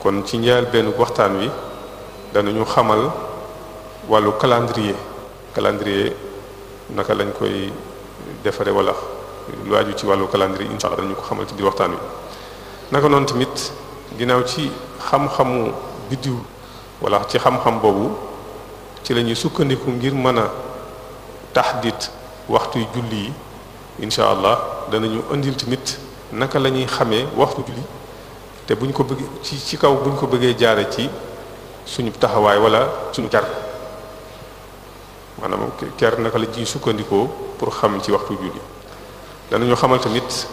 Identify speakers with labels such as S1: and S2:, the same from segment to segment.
S1: kon ci njaal benn waxtaan wi danañu xamal wàllu calendrier calendrier naka lañ koy defare wala lu aju ci wàllu calendrier incha allah ñu ko xamal ci biir waxtaan wi naka noonu tamit ginnaaw ci xam-xamu biddiw wala ci xam-xam boobu ci la ñuy sukkandiku ngir mën a taxdit waxtuy julli yi incha allah danañu indil tamit naka la ñuy xamee waxtu julli te ñu ko bëgg ci ci kaw buñ ko bëggee jaare ci suñu taxawaay wala suñu ker maanaam ker naka la ji sukkandikoo pour xam ci waxtu julli danañu xamal tamit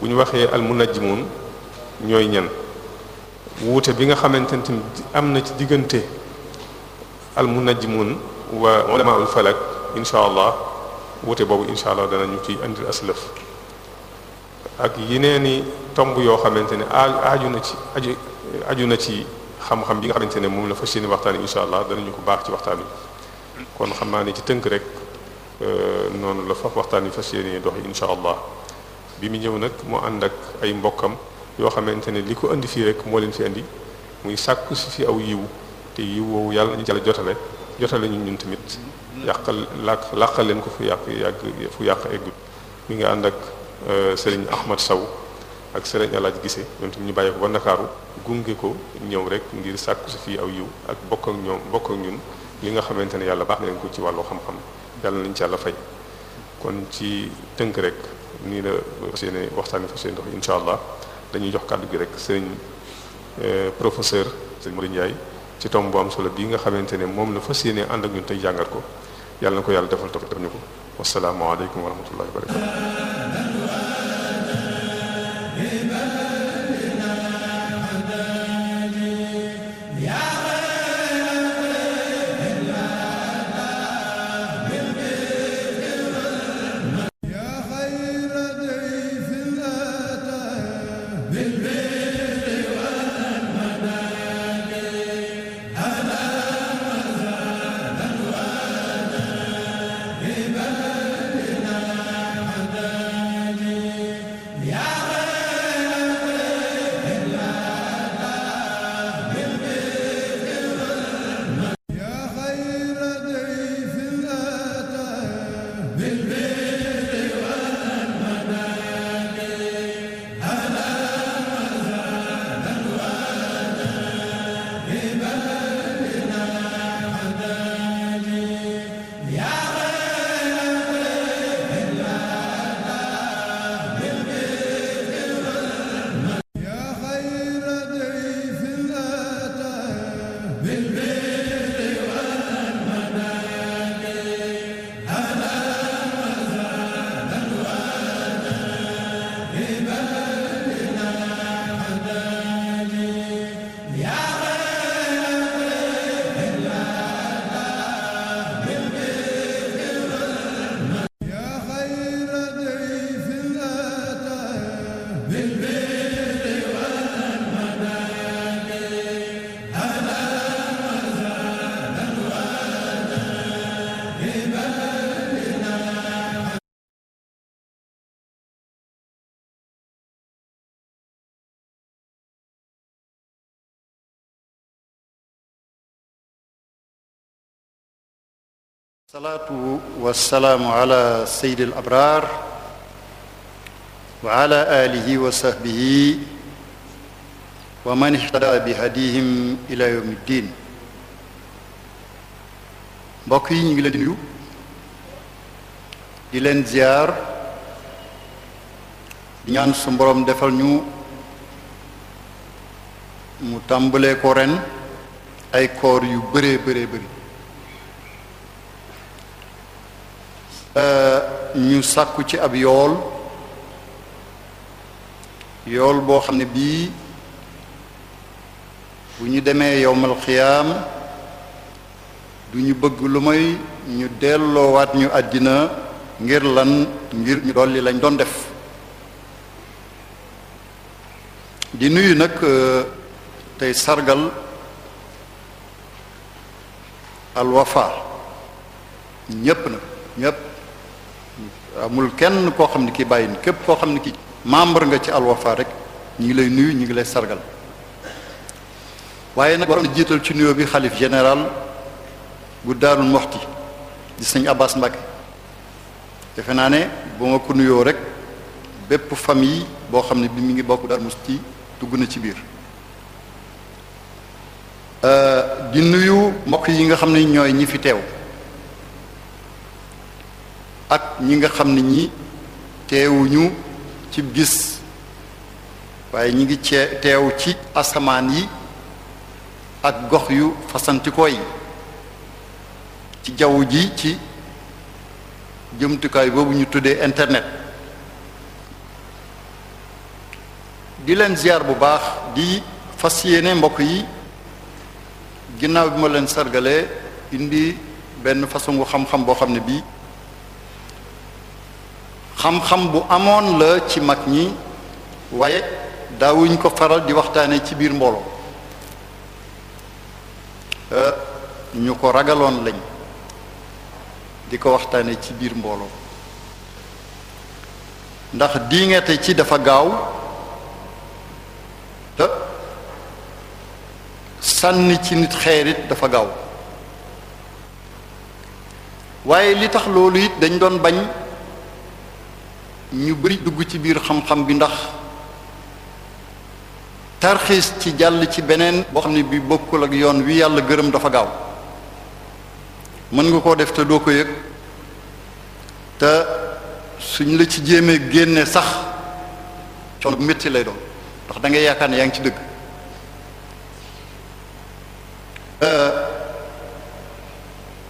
S1: bu ñu waxee almunajjimun ñooy ñan wuute bi nga xamante ni tamit am na ci diggante almunajjimun wa ulamaul falak incha allah wuute boobu incha allah danañu ci indi aslëf ak yeneeni tomb yoo xamante ne aaju na ci aju aju na ci xam-xam bi nga xamante ne moom la fa yéene waxtaan incha allah danañu ko baax ci waxtaan wi kon xam naa ne ci tënk rek euh, noonu la fa waxtaan wi fas yéene dox incha allah bi mu ñëw nag moo ànd ak ay mbokkam yoo xamante ne li ko indi fii rek moo leen fi indi muy sàkku si fi aw yiw te yiw woowu yàlla nañu jàll jotale jotale ñu ñun tamit yàqal làq làqal leen ko fu yàq yàgg fu yàq eggut mi nga ànd ak euh, sëriñ Ahmad Sow ak sëriñ alaaj gise ñoom tamit ñu bàyyi ko ba ndakaaru gunge ko ñëw rek ngir sàkku si fii aw yiw ak bokk ak ñoom bokk ak ñun li nga xamante ne yàlla baax na ko ci wàllu xam-xam yàlla nañ ci yàlla fay kon ci tënk rek nii la fas yéene waxtaan fas yéene incha allah dañuy jox kàddu gi rek sëriñ eh, professeur sëriñ Modou Ndiaye ci tomb bu solo bii nga xamante ne moom la fas yéene ànd ak ñun tey jàngat ko yàlla na ko yàlla defal tof def ñu ko wasalaamualeykum wa rahmatullahi wa barakatu Amen
S2: salaatu wassalaamu ala sayyidil abraar
S3: wa ala aalihi wa sahbihi wa man ihtada bi hadihim ila yawmi mbokk yi ñu ngi leen di nuyu di leen ziar di ñaan su mboroom defal ñu mu tàmbalee ko ren ay koor yu bëree bëree bëri ñu sàkku ci ab yool yool boo xam ne bii bu ñu demee yowmal xiyaam du ñu bëgg lu may ñu delloowaat ñu àddina ngir lan ngir ñu dolli lañ doon def di nuyu nag euh, tey sargal alwafa ñépp nag ñépp amul kenn koo xam ne kii bàyyi képp koo xam ne ki membre nga ci alwafa rek ñu ngi lay nuyu ñu ngi lay sargal waaye nag waroon na jiital ci nuyoo bi xalif général bu Daaru Muxti di sëñ Abbas Mbacke defe naa ne bu ma ko nuyoo rek bépp famille boo xam ne bi mi ngi bokk Daaru Muxti tugg na ci biir euh, di nuyu mbokk yi nga xam ne ñooy ñi fi teew ak ñi nga xam ne ñi teewuñu ci gis waaye ñi ngi cee teew ci asamaan yi ak gox yu fasantikoo yi ci jaww ji ci jëmtukaay boobu ñu tuddee internet di leen ziar bu baax di fas yéene mbokk yi ginnaaw bi ma leen sargalee indi benn façon wu xam-xam boo xam ne bii xam-xam bu amoon la ci mag ñi waaye daawuñ ko faral di waxtaane ci biir mbooloo euh, ñu ko ragaloon lañ di ko waxtaane ci biir mbooloo ndax diingate ci dafa gaaw sànni ci nit xeerit dafa gaaw waaye li tax loolu it dañ doon bañ ñu bari dugg ci biir xam-xam bi ndax tarxiis ci jàll ci beneen boo xam ne bi bokkul ak yoon wi yàlla gërëm dafa gaaw mën nga koo def te doo ko yëg te suñ la ci jéemee génne sax coono bu métti lay doon ndax dangay yaakaar ne yaa ngi ci dëgg euh,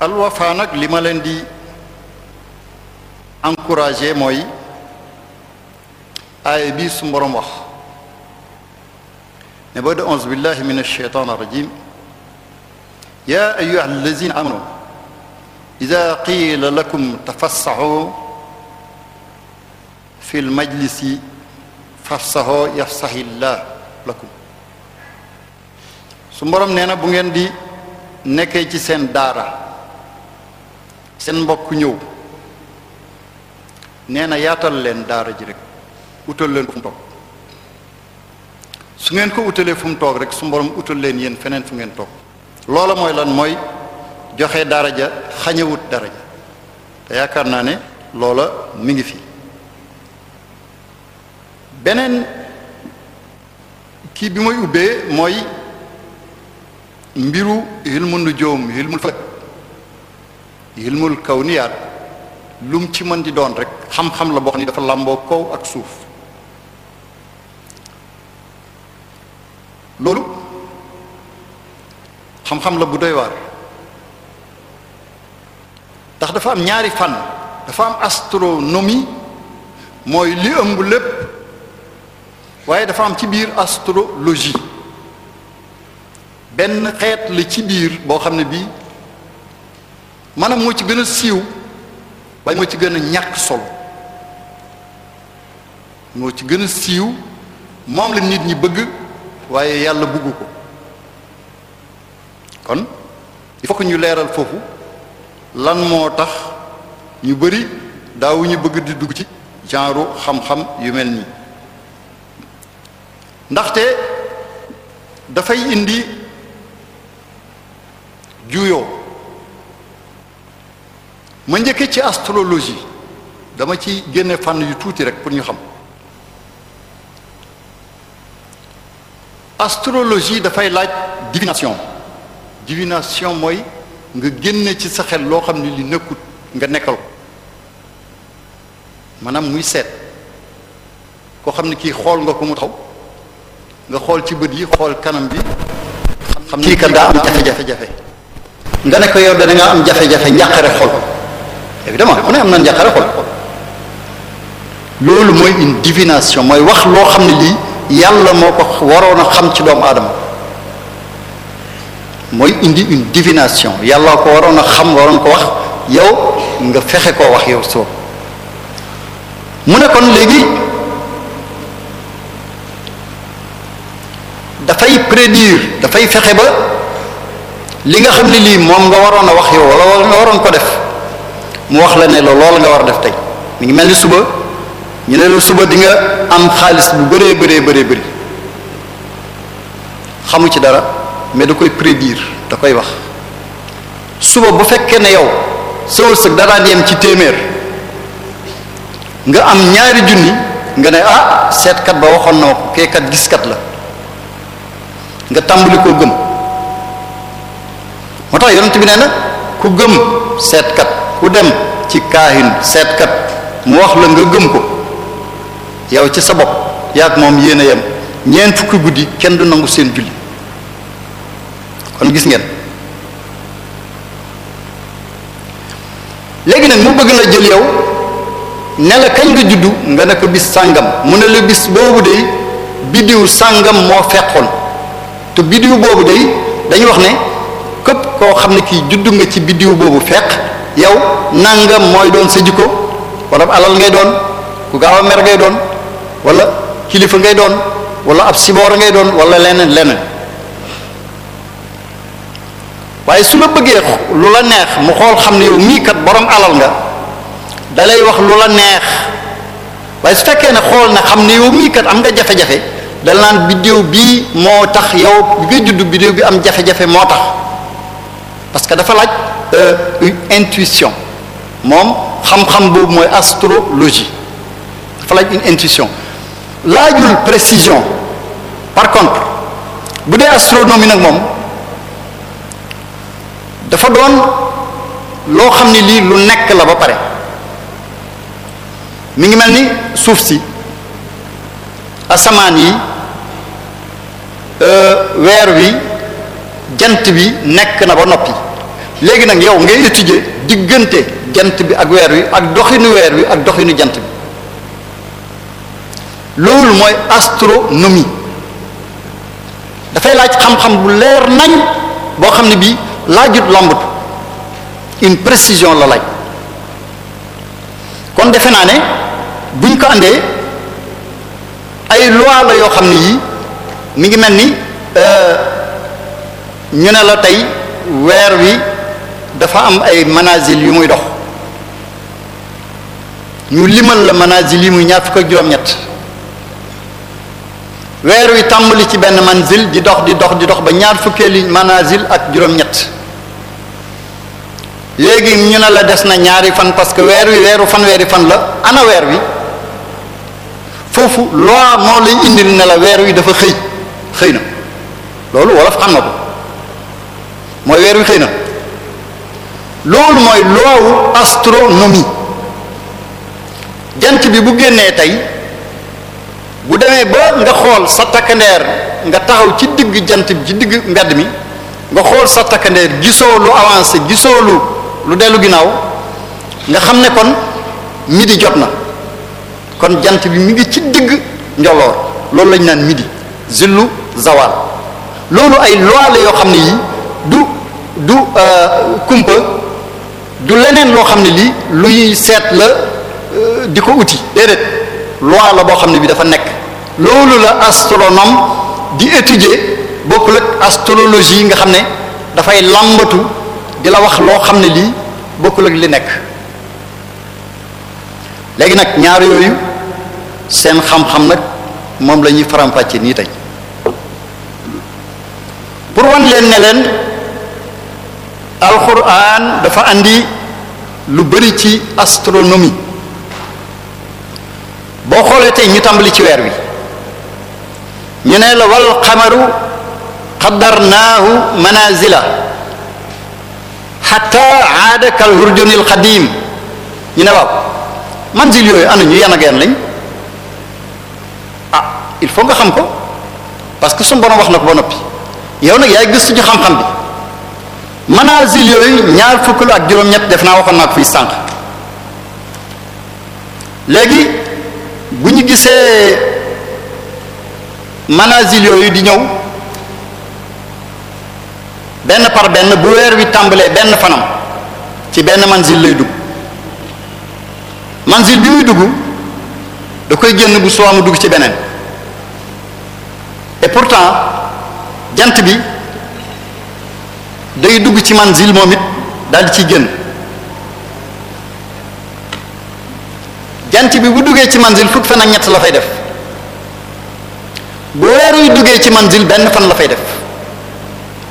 S3: alwafa nag li ma leen di encourage mooy aaya bii su mboroom wax ne boo de auzu billahi min alsheytan irrajim ya ayuha alladina amanu ida qiila lakum tafassaxu fi lmajlisi fafsaxoo yafsaxillah lakum su mboroom nee na bu ngeen di nekkee ci seen daara seen mbokk ñëw nee na yaatal leen daara ji utal leen fu toog su ngeen ko utalee fu mu toog rek su mborom utal leen yéen feneen fu ngeen toog loola mooy lan mooy joxe dara ja xañewut daraja te yaakaar naa ne loola mi ngi fi beneen kii bi mooy ubbee mooy mbiru ilmu nujoom ilmul falak ilmul kawniyaat lum ci mën di doon rek xam-xam la boo xam dafa làmboo kow ak suuf loolu xam-xam la bu doy waar ndax dafa am ñaari fan dafa am astronomie mooy li ëmb lépp waaye dafa am ci biir astrologie benn xeet la ci biir boo xam ne bii maanaam moo ci gën a siiw waaye moo ci gën a ñàkk solo moo ci gën a siiw moom la nit ñi bëgg waaye yàlla bugg ko kon il ñu leeral foofu lan moo tax ñu bari daawuñu bëgg di dugg ci genre xam-xam yu mel nii ndaxte dafay indi juyoo ma njëkkee ci astrologie dama ci génne fànn yu tuuti rek pour ñu xam astrologie dafay laaj divination divination mooy nga génne ci sa xel loo xam ne li nekkut nga nekkal ko maanaam muy seet koo xam ne kii xool nga ko mu taxaw nga xool ci bët yi xool kanam bi xam ne kii jafe-jafe nga ne ko yow dana nga am jafe-jafe njàqare xol évidemment ku ne am na njàqare xol loolu mooy une divination mooy wax loo xam ne lii yàlla moo ko waroon a xam ci doomu aadama mooy indi une divination yàlla ko waroon a xam waroon ko wax yow nga fexe koo wax yow soo mu ne kon léegi dafay prédire dafay fexe ba li nga xam ne lii moom nga waroon a wax yow wala nga waroon ko def mu wax la ne la loolu nga war a def tey mi ngi mel ni suba. ñu ne la suba di nga am xaalis bu bëree bëree bëree bëri xamu ci dara mais da koy prédire da koy wax suba bu fekkee ne yow sa wërsëg danaa yem ci téeméer nga am ñaari junni nga ne ah seetkat ba waxoon na ma ko keekat giskat la nga tàmbali koo gëm moo tax yonent bi nee na ku gëm seetkat ku dem ci kaahin seetkat mu wax la nga gëm ko yow ci sa bopp yaag moom yéen a yem ñeent fukki guddi kenn du nangu seen julli kon gis ngeen léegi nag mu bëgg la jël yaw ne kañ nga juddu nga ne ko bis sàngam mu ne la bis boobu day biddiw sàngam moo fekkoon te biddiw boobu day dañu wax ne képp koo xam ne kii juddu nga ci biddiw boobu fekk yow nangam mooy doon sa jikko wala alal ngay doon ku gaaw a mer ngay doon wala kilifa ngay doon wala ab siboor ngay doon wala leneen leneen waaye su la bëggee lu la neex mu xool xam ne yow mii kat borom alal nga dalay wax lu la neex waaye su fekkee ne xool na xam ne yow mii kat am nga jafe-jafe dal naan biddéew bii moo tax yow bi nga judd biddéew bi am jafe-jafe moo tax parce que dafa laaj euh, une intuition moom xam-xam boobu mooy astrologie dafa laaj une intuition laajul présision par contre bu dee astronomie nag moom dafa doon loo xam ne lii lu nekk la ba pare mi ngi mel ni suuf si asamaan yi euh, weer wi jant bi nekk na ba noppi léegi nag yow ngay étudier diggante jant bi ak weer wi ak doxinu weer wi ak doxinu jant bi loolu mooy astronomie dafay laaj xam-xam bu leer nañ boo xam ne bii laajut lambut une précision la laaj kon defe naa ne buñ ko àndee ay loi la yoo xam ne yii mi ngi mel ni euh, ñu ne la tey weer wi dafa am ay manazil yu muy dox ñu limal la manazil yi muy ñaar fukk ak juróom-ñett weer wi tàmbali ci benn manzil di dox di dox di dox ba ñaar fukkeeli manazil ak juróom-ñett léegi ñu ne la des na ñaari fan parce que weer wi weeru fan weeri fan la ana weer wi foofu loi moo lay indil weer wi dafa xëy xëy na loolu wolof xam na mooy weer wi xëy na loolu mooy loi wu astronomie jant bi bu génnee tey. bu demee ba nga xool sa takkandeer nga taxaw ci digg jant bi ci digg mbedd mi nga xool sa takkandeer gisoo lu avancé gisoo lu lu dellu ginnaaw nga xam ne kon midi jot na kon jant bi mu ngi ci digg njoloor loolu lañ naan midi zillu zawal loolu ay loi la yoo xam ne yi du du euh, kumpa du leneen loo xam ne lii lu seet la euh, di ko uti déedéet loi boo xam ne bi dafa nekk loolu la astronome di étudier bokkul ak astrologie nga xam ne dafay làmbatu di la wax loo xam ne lii bokkul ak li nekk léegi nag ñaar yooyu seen xam-xam nag moom la ñuy faram-fàccee nii tey pour wan leen ne leen alxuraan dafa andi lu bari ci astronomie boo xoolee tey ñu tàmbali ci weer wi ñu ne la wal qamaru qaddarnaahu manazila xatta aada kal hurjunil qadim ñu ne waaw manzil yooyu ana ñu yan ak yan lañ ah il faut nga xam ko parce que suñu borom wax na ko ba noppi yow nag yaay gëstu ci xam-xam bi manazil yooyu ñaar fukk ak juróom-ñett def naa waxoon naa ko fii sànq léegi bu ñu gisee. manazil yooyu di ñëw benn par benn bu weer wi tàmbalee benn fanam ci benn manzil lay dugg manzil bi muy dugg da koy génn bu soo mu dugg ci beneen et pourtant jant bi day dugg ci manzil moom it daal di ciy génn jant bi bu duggee ci manzil fukk fen ak ñett la fay def bu weer wi duggee ci manzil benn fan la fay def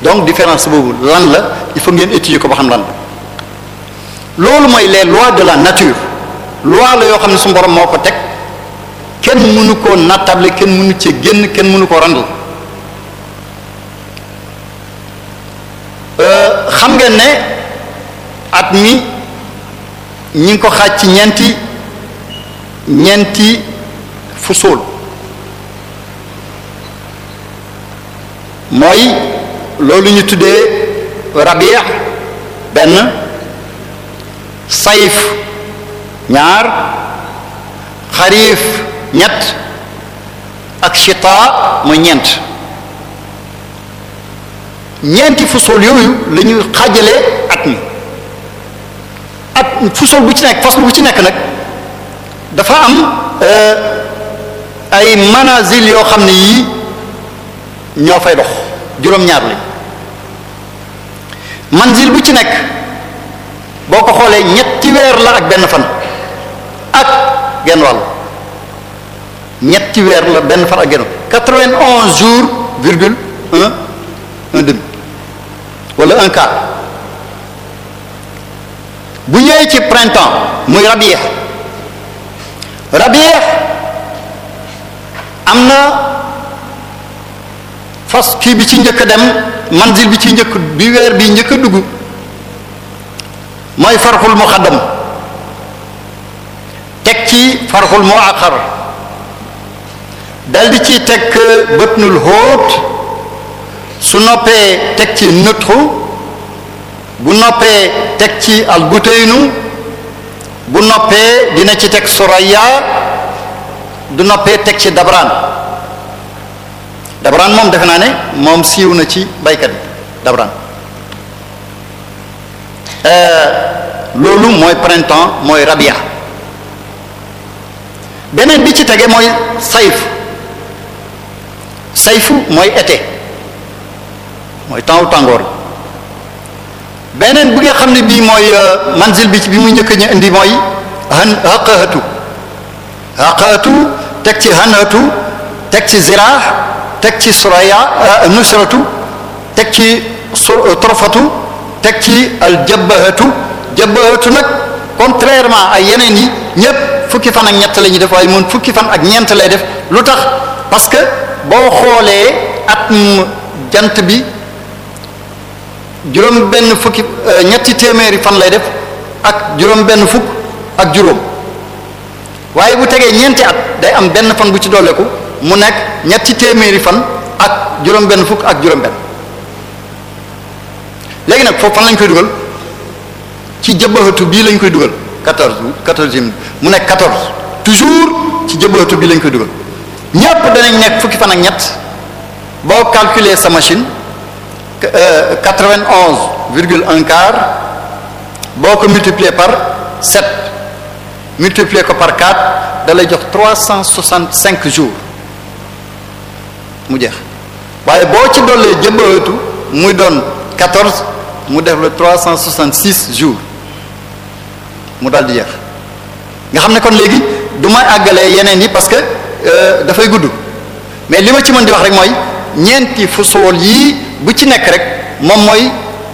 S3: donc différence boobu lan la li faut ngeen étudier ko ba xam lan la loolu mooy les lois de la nature loi la yoo xam ne su borom moo ko teg kenn mënu koo nattable kenn mënu ci génn kenn mënu koo randal euh, xam ngeen ne at mi ñu ngi ko xaaj ci ñeenti ñeenti fusool mooy loolu ñu tuddee rabiix benn sayf ñaar xariif ñett ak chitaa muy ñeent ñeenti fusul yooyu la ñuy xaajale at mi at fusul bu ci nekk faslu bu ci nekk nag dafa am euh, ay manazil yoo xam ne yii ñoo fay dox juróom-ñaar lañ manzil bu ci nekk boo ko xoolee ñetti weer la ak benn fan ak genn wàll ñetti weer la benn fan ak genn quatre jours virgule un un bu ñëwee ci printemps muy rabiyeex rabiyeex am na fas bi ci njëkk dem manzil bi ci njëkk bi weer bi njëkk a dugg mooy farxul muqaddam teg ci farxul muaxar dal di ci teg bëtnul xóot su noppee teg ci nutxu bu noppee teg ci albuteynu bu noppee dina ci teg soraya du noppee teg ci dabraan dabraan moom defe naa ne moom siiw na ci baykat bi dabraan euh, loolu mooy printemps mooy rabia beneen bi ci tege mooy sayf sayfu mooy été mooy temps tàngoor tàngoor beneen bi nga xam ne bii mooy euh, manzil bi ci bi mu njëkk ñu indi mooy han haqahatu haqahatu teg ci hanatu teg ci zirah teg ci suraya euh, nusratu teg ci su euh, torfatu teg ci al jabahatu jabahatu nag contrairement ay yeneen yi ñépp fukki fan ak ñett la ñuy def waaye moom fukki fan ak ñeent lay def lu tax parce que boo xoolee at jant bi juróom benn fukki euh, ñetti téeméeri fan lay def ak juróom benn fukk ak juróom waaye bu tegee ñeenti at day am benn fan bu ci dolleku mu nekk ñetti téeméeri fan ak juróom-benn fukk ak juróom-benn léegi nag foofu fan lañ koy dugal ci jëbbaxatu bii lañ koy dugal quatorze quatorzième mu nekk quatorze toujours ci jëbbaxatu bii lañ koy dugal ñépp danañ nekk fukki fan ak ñett boo calculer sa machine euh, quatre-vingt-onze virgule un quart boo ko multiplier par sept multiplier ko par quatre dalay jox trois cent soixante-cinq jours. mu jeex waaye boo ci dollee jëbawatu muy doon 14 mu def le 366 jours mu daal di jeex nga xam ne kon léegi du ma àggalee yeneen yi parce que euh, dafay gudd mais li ma ci mën di wax rek mooy ñeenti fusool yii bu ci nekk rek moom mooy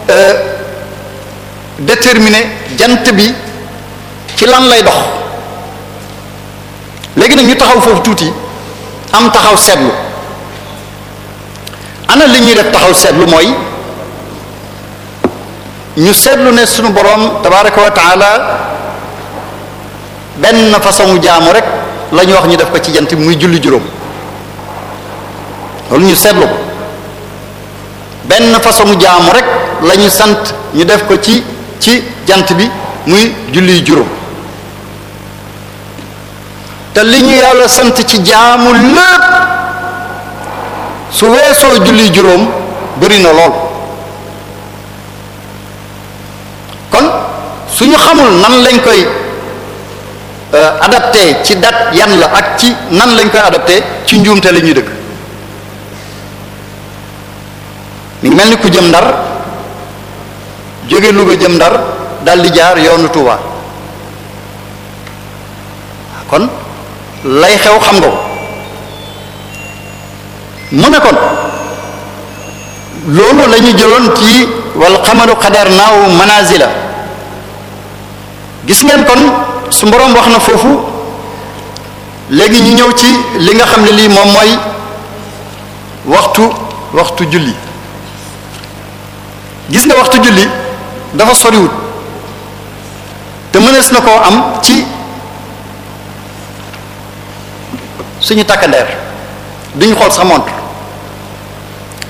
S3: euh, déterminer jant bi ci lan lay dox léegi nag ñu taxaw foofu tuuti am taxaw seetlu ana li ñuy def taxaw seetlu mooy ñu seetlu ne sunu boroom tabaraka wa taala benn façon jaamu rek la ñu wax ñu def ko ci jant muy julli juróom loolu ñu seetlu ko benn façon jaamu rek lañu sant ñu def ko ci ci jant bi muy julli juróom te li ñu yàlla sant ci jaamu lépp su weesoo julli juróom bëri na lool kon su ñu xamul nan lañ koy euh, adapté ci dat yan la ak ci nan lañ koy adapté ci njuumte la ñuy dëkk mi mel ni ku jëm ndar jóge Louga jëm ndar dal di jaar yoonu Touba kon lay xew xam nga mu ne kon loolu la ñu jëloon ci wal xamaru xadar naaw la gis ngeen kon su mboroom wax na foofu léegi ñu ñëw ci li nga xam ne lii moom mooy waxtu waxtu julli gis nga waxtu julli dafa soriwut te mënees na koo am ci suñu takkandeer duñu xool sa montre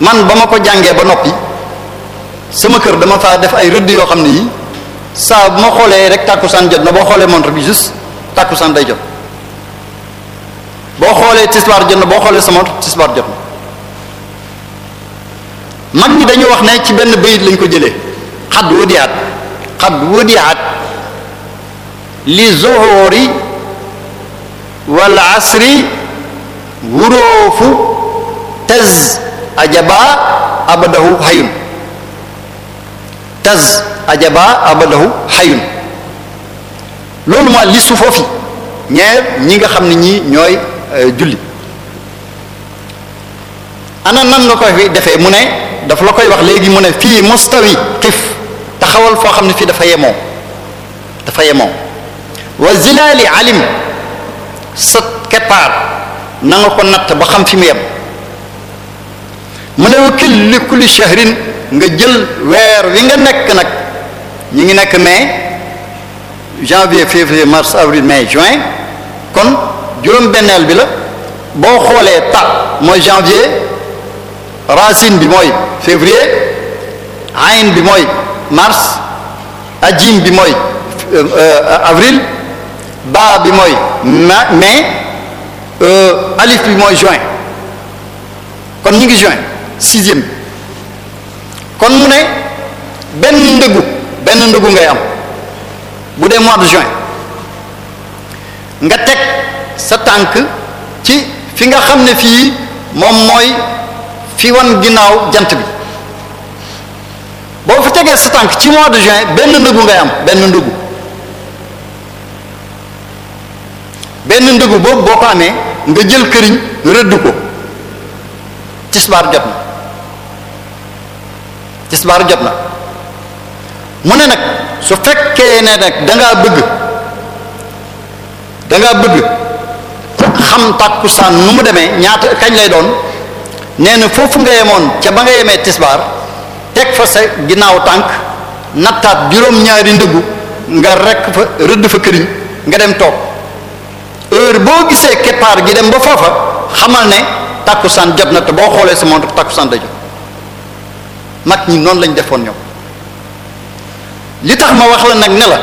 S3: man ba ma ko jàngee ba noppi sama kër dama faa def ay rëdd yoo xam ne yi saa bu ma xoolee rek tàkkusaan jot na boo xoolee montre bi juste tàkkusaan day jot boo xoolee tisbaar jot na boo xoolee sa montre tisbaar jot na mag ñi dañu wax ne ci benn bayit lañ ko jëlee xad wudiyaat xad wudiyaat li zuhuri wal asri wuróofu taz ajaba abadahu hayun taz ajaba abadahu hayun loolu moo listu foofu ñeer ñi nga xam ne ñii ñooy euh, julli ana nan nga koy defee mu ne dafa la koy wax léegi mu ne fii mustawi xif taxawal foo xam ne fii dafa yemoo dafa yemoo wa zilaali alim sa keppaar na nga ko natt ba xam fi mu yem mu ne wakil li kulli shahrin nga jël weer wi nga nekk nag ñi ngi nekk mai janvier février mars avril mai juin kon juróom-benneel bi la boo xoolee ta mooy janvier racine bi mooy février ayn bi mooy mars ajim bi mooy euh, avril ba bi mooy mai euh, alif bi mooy juin kon ñu ngi juin sixième kon mu ne benn ndëggu benn ndëggu ngay am bu dee mois de juin nga teg sa tànk ci fi nga xam ne fii moom mooy fi wan ginnaaw jant bi boo fi tegee sa tànk ci mois de juin benn ndëggu ngay am benn ndëggu benn ndëggu boobu boo ko amee nga jël këriñ rëdd ko tisbaar jot na tisbaar jot na mu ne nag su fekkee ne nag dangaa bëgg dangaa bëgg xam tàkkusaan nu mu demee ñaata kañ lay doon nee na foofu nga yemoon ca ba nga yemee tisbaar teg fa sa ginnaaw tànk nattaat juróom-ñaari ndëggu nga rekk fa rëdd fa këriñ nga dem toog heure boo gisee keppaar gi dem ba foofa xamal ne tàkkusaan jot na te boo xoolee sa montre tàkkusaan da jot mag ñi noonu lañ defoon ñëw li tax ma wax la nag ne la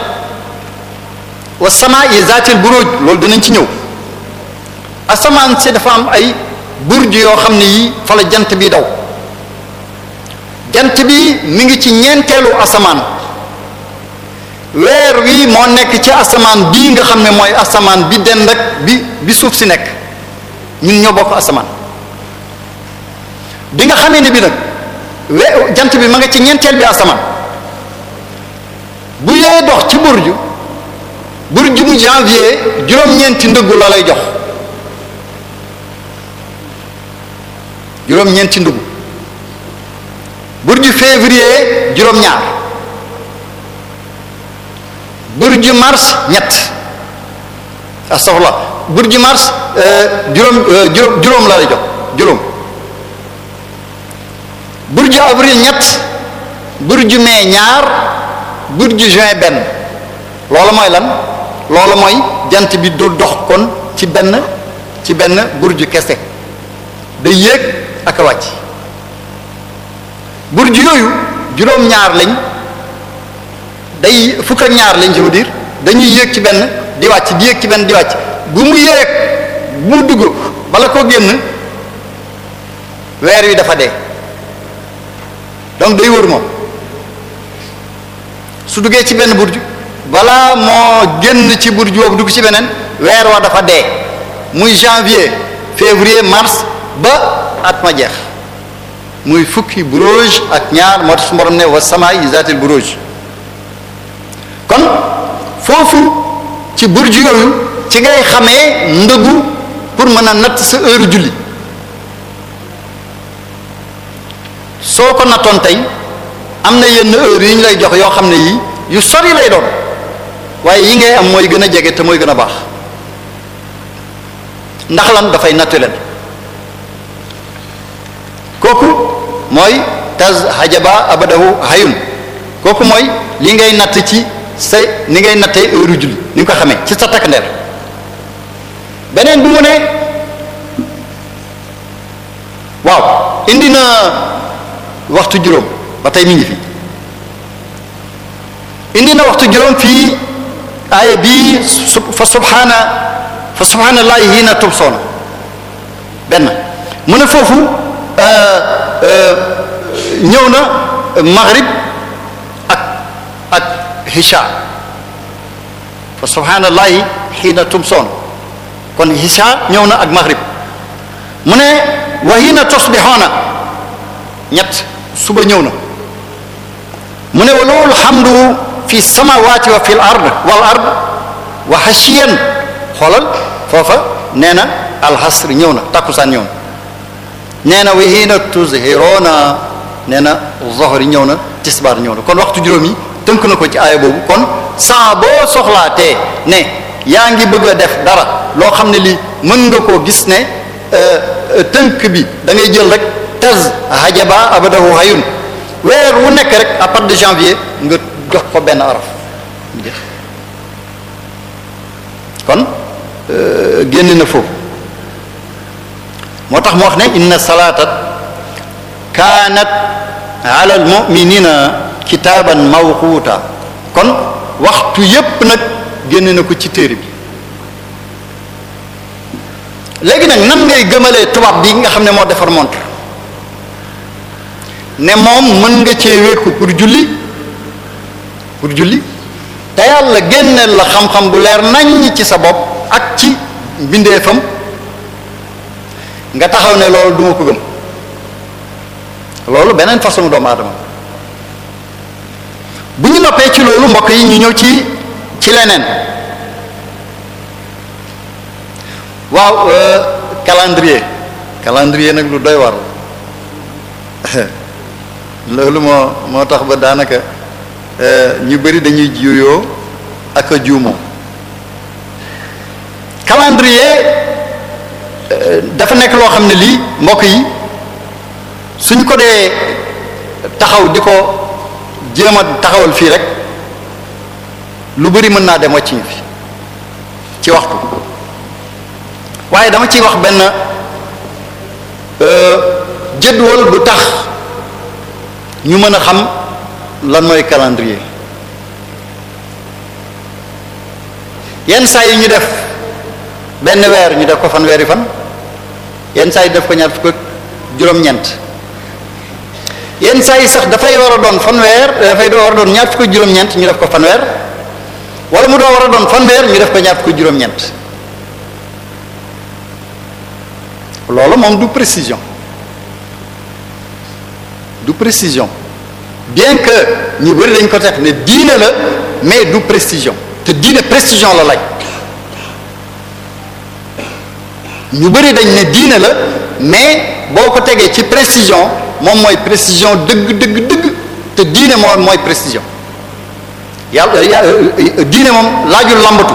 S3: wa sama yi zaatil buruj loolu dinañ ci ñëw asamaan si dafa am ay burj yoo xam ne yi fa jant bi daw jant bi mi ngi ci ñeenteelu asamaan weer wi moo nekk ci asamaan bii nga xam ne mooy asamaan bi dend ak bi bi suuf si nekk ñun ñoo bokk asamaan bi nga xamee ne bi nag we jant bi mu nga ci ñenteel bi asamaan bu yee dox ci burju burju bu janvier juróom-ñeenti ndëggu la lay jox juróom-ñeenti ndugg burju février juróom-ñaar burju mars ñett astaxfirullah burju mars euh, euh, juróom juróom la lay jox juróom burju avril ñett burju mai ñaar burju juin benn loolu mooy lan loolu mooy jant bi du dox kon ci benn ci benn burju kese day yéeg ak a wàcc burju yooyu juróom-ñaar lañ day fukk ñaar lañ je veux dañuy yéeg ci benn di wàcc di yéeg ci benn di wàcc bu mu yéeg bu mu dugg bala ko génn weer wi dafa dee donc day wër moom su duggee ci benn burju balaa moo génn ci burju boobu dugg ci beneen weer wa dafa dee muy janvier février mars ba at ma jeex muy fukki buruj ak ñaar moo tax su borom ne wa samaay zaatil buruj kon foofu ci burju yooyu ci ngay xamee ndëggu pour mën a natt sa heure julli soo ko nattoon tey am na yenn heure yi ñu lay jox yoo xam ne yii yu sori lay doon waaye yi ngay am mooy gën a jege te mooy gën a baax ndax lan dafay leen kooku mooy taz hajaba abadahu hayum kooku mooy li ngay natt ci sa ni ngay natte heure julli ni ko xamee ci sa takkandeer beneen bi mu ne waaw indi na waxtu juróom ba tey mi ngi fi indi na waxtu juróom fii aaya bii fa subhaana fa subhaanallaahi hiina tubsoona benn mu ne foofu euh, euh, ñëw na maghrib ak ak hisha fa subhaanallaahi hiina tumsoona kon hisha ñëw na ak maghrib mu ne wa hiina tusbihoona ñett suba ñëw na mu ne walowul hamdu fi samawati wa fil ard wal ard wa hashiyan xoolal foofa nee na alxasr ñëw na tàkkusaan ñëw na nee na wahiina tuzhirona nee na zohri ñëw na tisbaar ñëw na kon waxtu juróom yi tënk na ko ci aaya boobu kon saa boo soxlaatee ne yaa ngi bëgg a def dara loo xam ne lii mën nga koo gis ne euh, euh, tënk bi dangay jël rekk taz hajaba abadahu hayun weer wu nekk rek à partir de janvier nga jox ko benn araf kon euh, génn na foofu moo tax mu wax ne inna salaata kaanat ala al muminina kitaaban mawquuta kon waxtu yépp nag génn na ko ci téere bi léegi nag nan ngay gëmalee tubaab bi nga xam ne moo defar montre ne moom mën nga cee wékku pour julli pour julli te yàlla génneel la xam-xam gu leer naññ ci sa bopp ak ci mbindeefam nga taxaw ne loolu duma ko gëm loolu beneen façon doomu aadama bu ñu noppee ci loolu mbokk yi ñu ñëw ci ci leneen waaw euh, calendrier calendrier nag lu doy war loolu moo moo tax ba daanaka eh, ñu bari dañuy juyoo ak a juumoo calendrier eh, dafa nekk loo xam ne lii mbokk yi suñ ko dee taxaw di ko jéem a taxawal fii rek lu bëri mën naa dem wàcc ñu fi ci waxtu waaye dama ciy wax benn eh, jëdwal bu tax ñu mën a xam lan mooy calendrier yenn saa yi ñu def benn weer ñu def ko fan weeri fan yenn saa yi def ko ñaar fukk yenn saa yi sax dafay war a doon fanweer eh, dafay war a doon ñaar fukk juróom-ñeent ñu def ko fanweer wala mu doo war a doon fanweer ñu def ko ñaar fukk juróom-ñeent loolu moom du précision du précision bien que ñu bëri dañ ko teg ne diine la mais du prestige te diine prestige la laaj ñu bëri dañ ne diine la mais boo ko tegee ci précision moom mooy précision dëgg dëgg dëgg te diine moom mooy prestige yàlla euh, diine moom laajul lambatu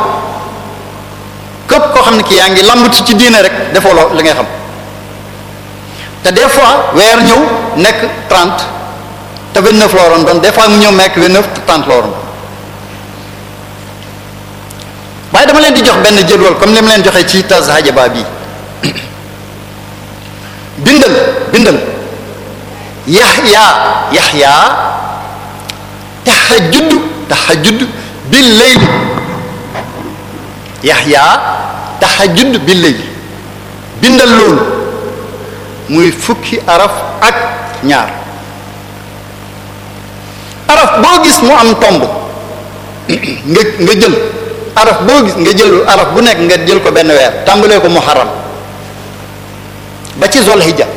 S3: képp koo xam ne ki yaa ngi lambatu ci diine rek defoo loo li ngay xam te des fois weer ñëw nekk 30 te 29 la waroon doon des fois mu ñëw nekk 29 te waaye dama leen di jox benn jëlwal comme ni ma leen joxee ci tas hajaba bi bindal bindal yaxya yaxya tahajjud tahajjud bil layl yaxya tahajjud bi layl bindal loolu muy fukki araf ak ñaar araf boo gis mu am tomb nga nga jël araf boo gis nga jël araf bu nekk nga jël ko benn weer tàmbalee ko muharram ba ci zol hijja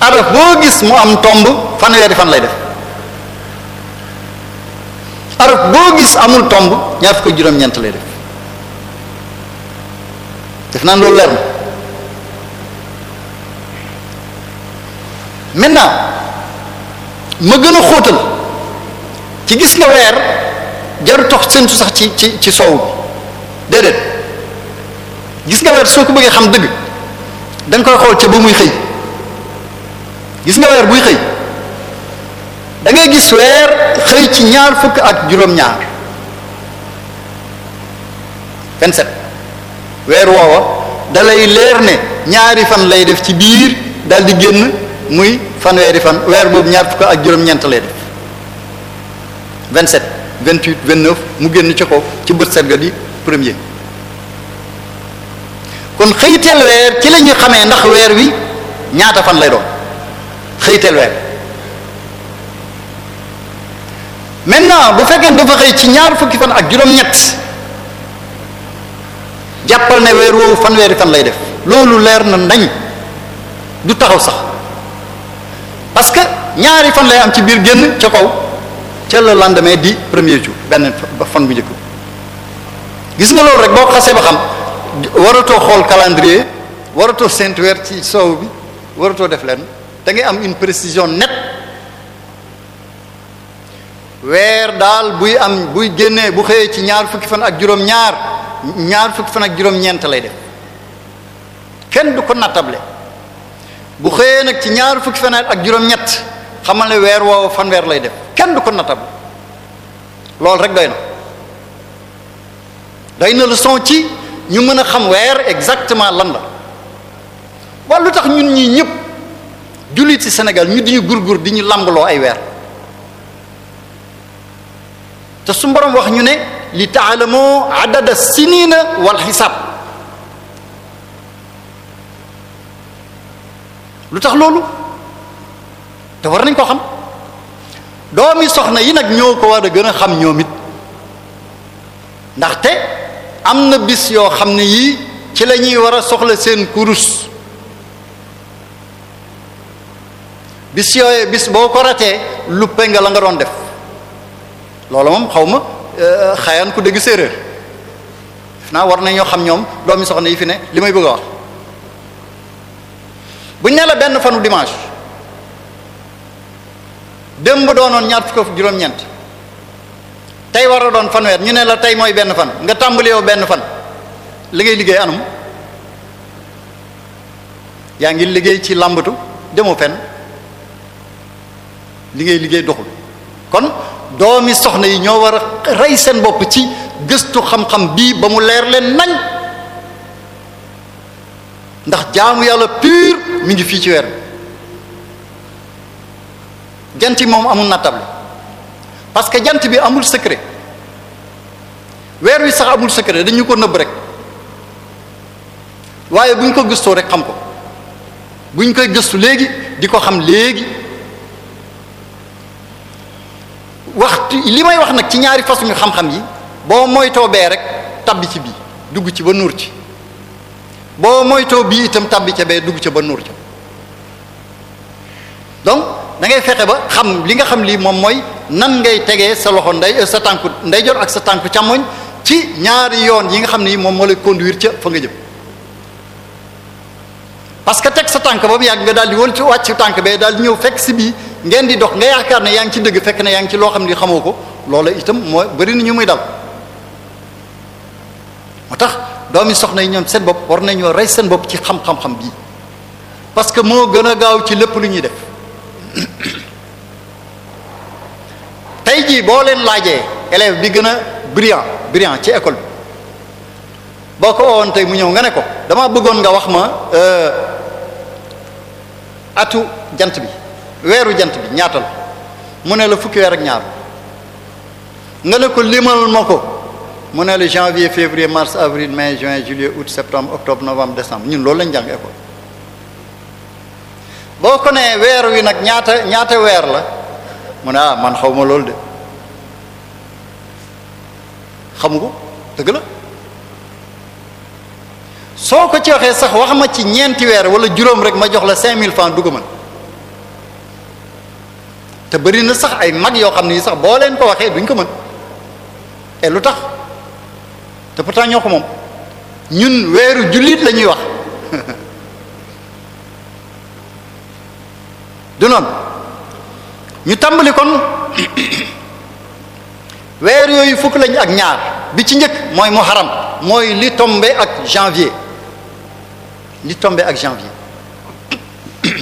S3: araf boo gis mu am tomb fanweeri fan lay def araf boo gis amul tomb ñaar fukk juróom-ñeent lay def def naan loolu leer na maintenant ma gën a xóotal ci gis nga weer jaru tox sax ci ci ci soow bi déedéet gis nga weer soo ko bëggee xam dëgg da koy xool ca ba muy xëy gis nga weer buy xëy dangay gis weer xëy ci ñaar fukk ak juróom-ñaar 27 weer woowa da leer ne ñaari fan lay def ci biir dal di génn muy fanweeri fan weer boobu ñaar fukk ak juróom-ñeent lay def 27 28 29 mu génn ci kaw ci bët set ga di premier kon xëyteel weer ci la ñuy xamee ndax weer wi ñaata fan lay doon xëyteel weer maintenant bu fekkee dafa xëy ci ñaar fukki fan ak juróom-ñett jàppal ne weer woowu fanweeri fan lay def loolu leer na nañ du taxaw sax. parce que ñaari fan lay am ci biir génn ca kaw ca la lendemain di premier jour benn fan bu njëkk gis nga loolu rek boo xasee ba xam waratoo xool calendrier waratoo séntu weer ci soow bi waratoo def leen da ngay am une précision nette weer daal buy am buy génnee bu xëyee ci ñaar fukki fan ak juróom-ñaar ñaar fukki fan ak juróom-ñeent lay def kenn du ko nattable bu xëyee nag ci ñaar fukki fan ak juróom-ñett xamal ne weer woowu fanweer lay def kenn du ko natab loolu rek doy na doy na leçon ci ñu mën a xam weer exactement lan la wala lu tax ñun ñii ñëpp jullit ci Sénégal ñu di ñu gurgur di ñu làmbaloo ay weer te su borom wax ñu ne li taalamu adada sinina wal xisaab lu tax loolu te war nañ koo xam doomi soxna yi nag ñoo ko war a gën a xam ñoom it ndaxte am na bis yoo xam ne yii ci la ñuy war a soxla seen kurus bis yooye bis boo ko ratee lu nga la nga doon def loolu moom xaw ma euh, xayaan ku dégg séeréer def naa war na ñoo xam ñoom doomi soxna yi fi ne li may bëgg a wax bu ñu ne la benn fanu dimanche démb doonoon ñaar fukk ak juróom-ñeent tey war a doon fanweer ñu ne la tey mooy benn fan nga tàmbali benn fan li ngay liggéey anam yaa ngi liggéey ci làmbatu demoo fenn li ngay liggéey doxul kon doomi soxna yi ñoo war a rey seen bopp ci gëstu xam-xam bii ba mu leer leen nañ ndax jaamu yàlla pur mi ngi fii ci weer bi jant yi moom amul nattable parce que jant bi amul secret weer wi sax amul secret dañu ko nëbb rek waaye bu ñu ko gëstoo rek xam ko bu ñu koy gëstu léegi di ko xam léegi waxtu li may wax nag ci ñaari façon xam-xam yi boo moytoo bee rek tabbi ci bii dugg ci ba nuur ci boo moytoo bii itam tàbbi ca bee dugg ca ba nuur ca donc da ngay fexe ba xam li nga xam lii moom mooy nan ngay tegee sa loxo ndey euh, sa tànku ndeyjoor ak sa tànk càmmoñ ci ñaari yoon yi nga xam ne moom moo lay conduire ca fa nga jëm parce que teg sa tànk ba mu yàgg nga daal di won ci wàcc tànk bee daal di ñëw fekk si bii ngeen di dox nga yaakaar ne yaa ngi ci dëgg fekk ne yaa ngi ci loo xam ne xamoo ko loola itam moo bari na ñu muy dal moo tax. doomi soxna yi ñoom seen bopp war nañoo rey seen bopp ci xam-xam-xam bii parce que moo gën a gaaw ci lépp lu ñuy def tey jii boo leen laajee élève bi gën a brillant brillant ci école bi boo ko woon tey mu ñëw nga ne ko dama bëggoon nga wax ma euh, atu jant bi weeru jant bi ñaatal mu ne la fukki weer ak ñaar nga ne ko limal ma ko mu ne la janvier février mars avril mai juin juillet août septembre octobre novembre décembre ñun loolu lañ jàng école boo ko nee weer wi nag ñaata ñaata weer la mu ne ah man xaw ma loolu de xam ko dëgg la soo ko ci waxee sax wax ma ci ñeenti weer wala juróom rek ma jox la cinq mille du dugg man te bëri na sax ay mag yoo xam ne yi sax boo leen ko waxee duñ ko mën et tax. te pourtant ñoo ko moom ñun weeru jullit lañuy wax du noonu ñu tàmbali kon weer yooyu fukk lañ ak ñaar bi ci njëkk mooy muharram mooy li tombe ak janvier li tombe ak janvier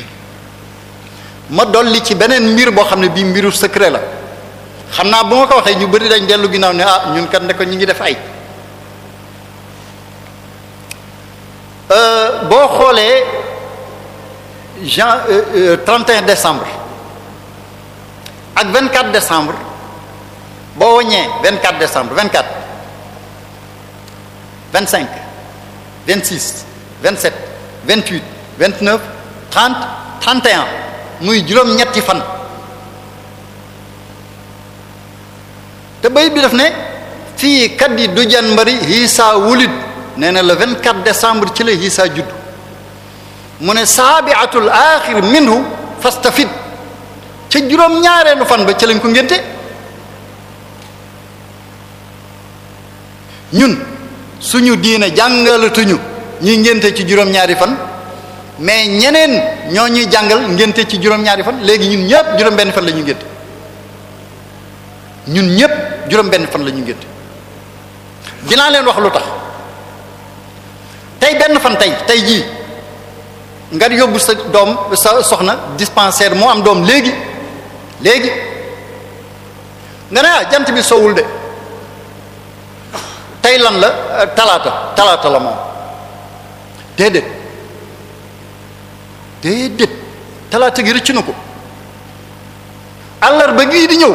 S3: ma dolli ci beneen mbir boo xam ne bii mbiru secret la xam naa bu ma ko waxee ñu bari dañ dellu ginnaaw ne ah ñun kat ne ko ñu ngi def ay Euh, boo xoolee jan 31 euh, euh, décembre ak 24 décembre boo wàññee 24 décembre 24 25 26 27 28 29 30 31 muy juróom-ñetti fan te béy bi daf ne fii kat yi du jan mbari hiisa wulit nee na le 24 décembre ci la Isa judd mu ne saabiatul axir minhu fastafid ca juróom ñaareelu fan ba ci lañ ko ngénte ñun suñu diine jàngalatuñu ñuy ngénte ci juróom ñaari fan mais ñeneen ñoo ñuy jàngal ngénte ci juróom ñaari fan léegi ñun ñëpp juróom benn fan la ñu ngénte ñun ñëpp juróom benn fan la ñu ngénte dinaa leen wax lu tax tey benn fan tey tey jii nga yóbbu sa doom sa soxna dispensaire moo am doom léegi léegi nga ne ah jant bi sowul de tey lan la euh, talaata talaata la moom déedéet déedéet talaata gi rëcc na ko àllarba gii di ñëw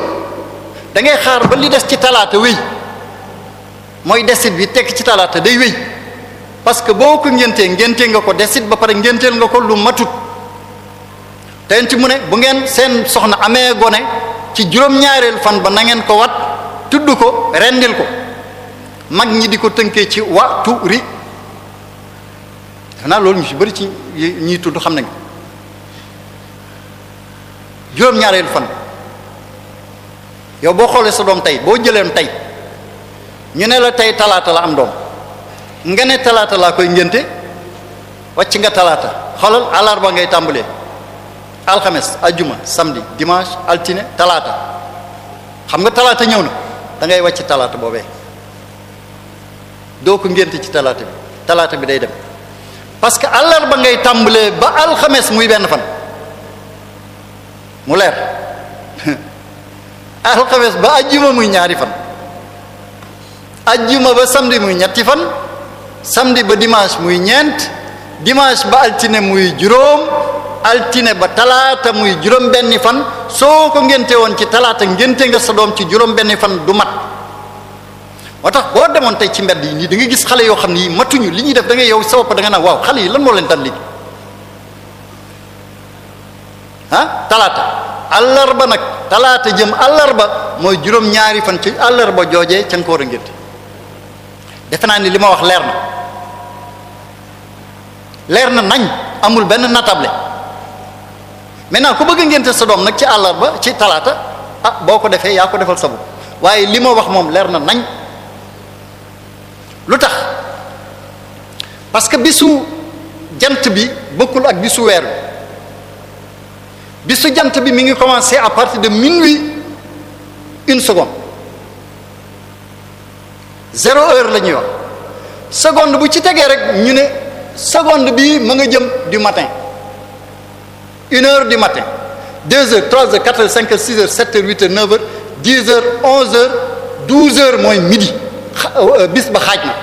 S3: dangay ngay xaar ba li des ci talaata wéy mooy desit bi tekk ci talaata day wéy parce que boo ko ngéntee ngéntee nga ko desit ba pare ngénteel nga ko lu matut ten ci mu ne bu ngeen seen soxna amee gone ci juróom-ñaareel fan ba nangeen ngeen ko wat tudd ko rendil ko mag ñi di ko tënkee ci waxtu ri xanaa loolu ñu ci bari ci ñiy tudd xam nañ juróom-ñaareelu fan yow boo xoolee sa doom tey boo jëleen tey ñu ne la tey talaata la am doom nga ne talaata laa koy ngénte wàcc nga talaata xoolal ba ngay tàmbalee alxames ajjuma samedi dimanche altine talaata xam nga talaata ñëw na dangay ngay wàcc talaata boobee doo ko ngénte ci talaata bi talaata bi day dem parce que ba ngay tàmbalee ba alxames muy benn fan mu leer alxames ba ajjuma muy ñaari fan ajjuma ba samedi muy ñetti fan samedi ba dimanche muy ñeent dimanche ba altine muy juróom altine ba talaata muy juróom benni fan soo ko ngénte woon ci talaata ngénte nga sa doom ci juróom benni fan du mat moo tax boo demoon tey ci mbedd yi nii da nga gis xale yoo xam ne yi matuñu li ñuy def da ngay yow sa bopp da nga naan waaw xale yi lan moo leen dal léegi ah talaata àllarba nag talaata jëm àllarba mooy juróom ñaari fan ci àllarba joojee ca nga a ngénte defe naa ni li ma wax leer na leer na nañ amul benn natable maintenant ku bëgg ngénte sa doom nag ci àllarba ci talaata ah boo ko defee yaa ko defal sabu waaye li ma wax moom leer na nañ lu tax parce que bisu jant bi bokkul ak bisu weer bi bisu jant bi mi ngi commencer à partir de minuit une seconde zéro heure la ñuy wax seconde bu ci tegee rek ñu ne seconde bii mu nga jëm du matin une heure du matin deux heures trois heures quatre heures cinq heures six heures sept heures huit heures neuf dix heures onze heures douze heures mooy midi euh, euh, bis ba xaaj na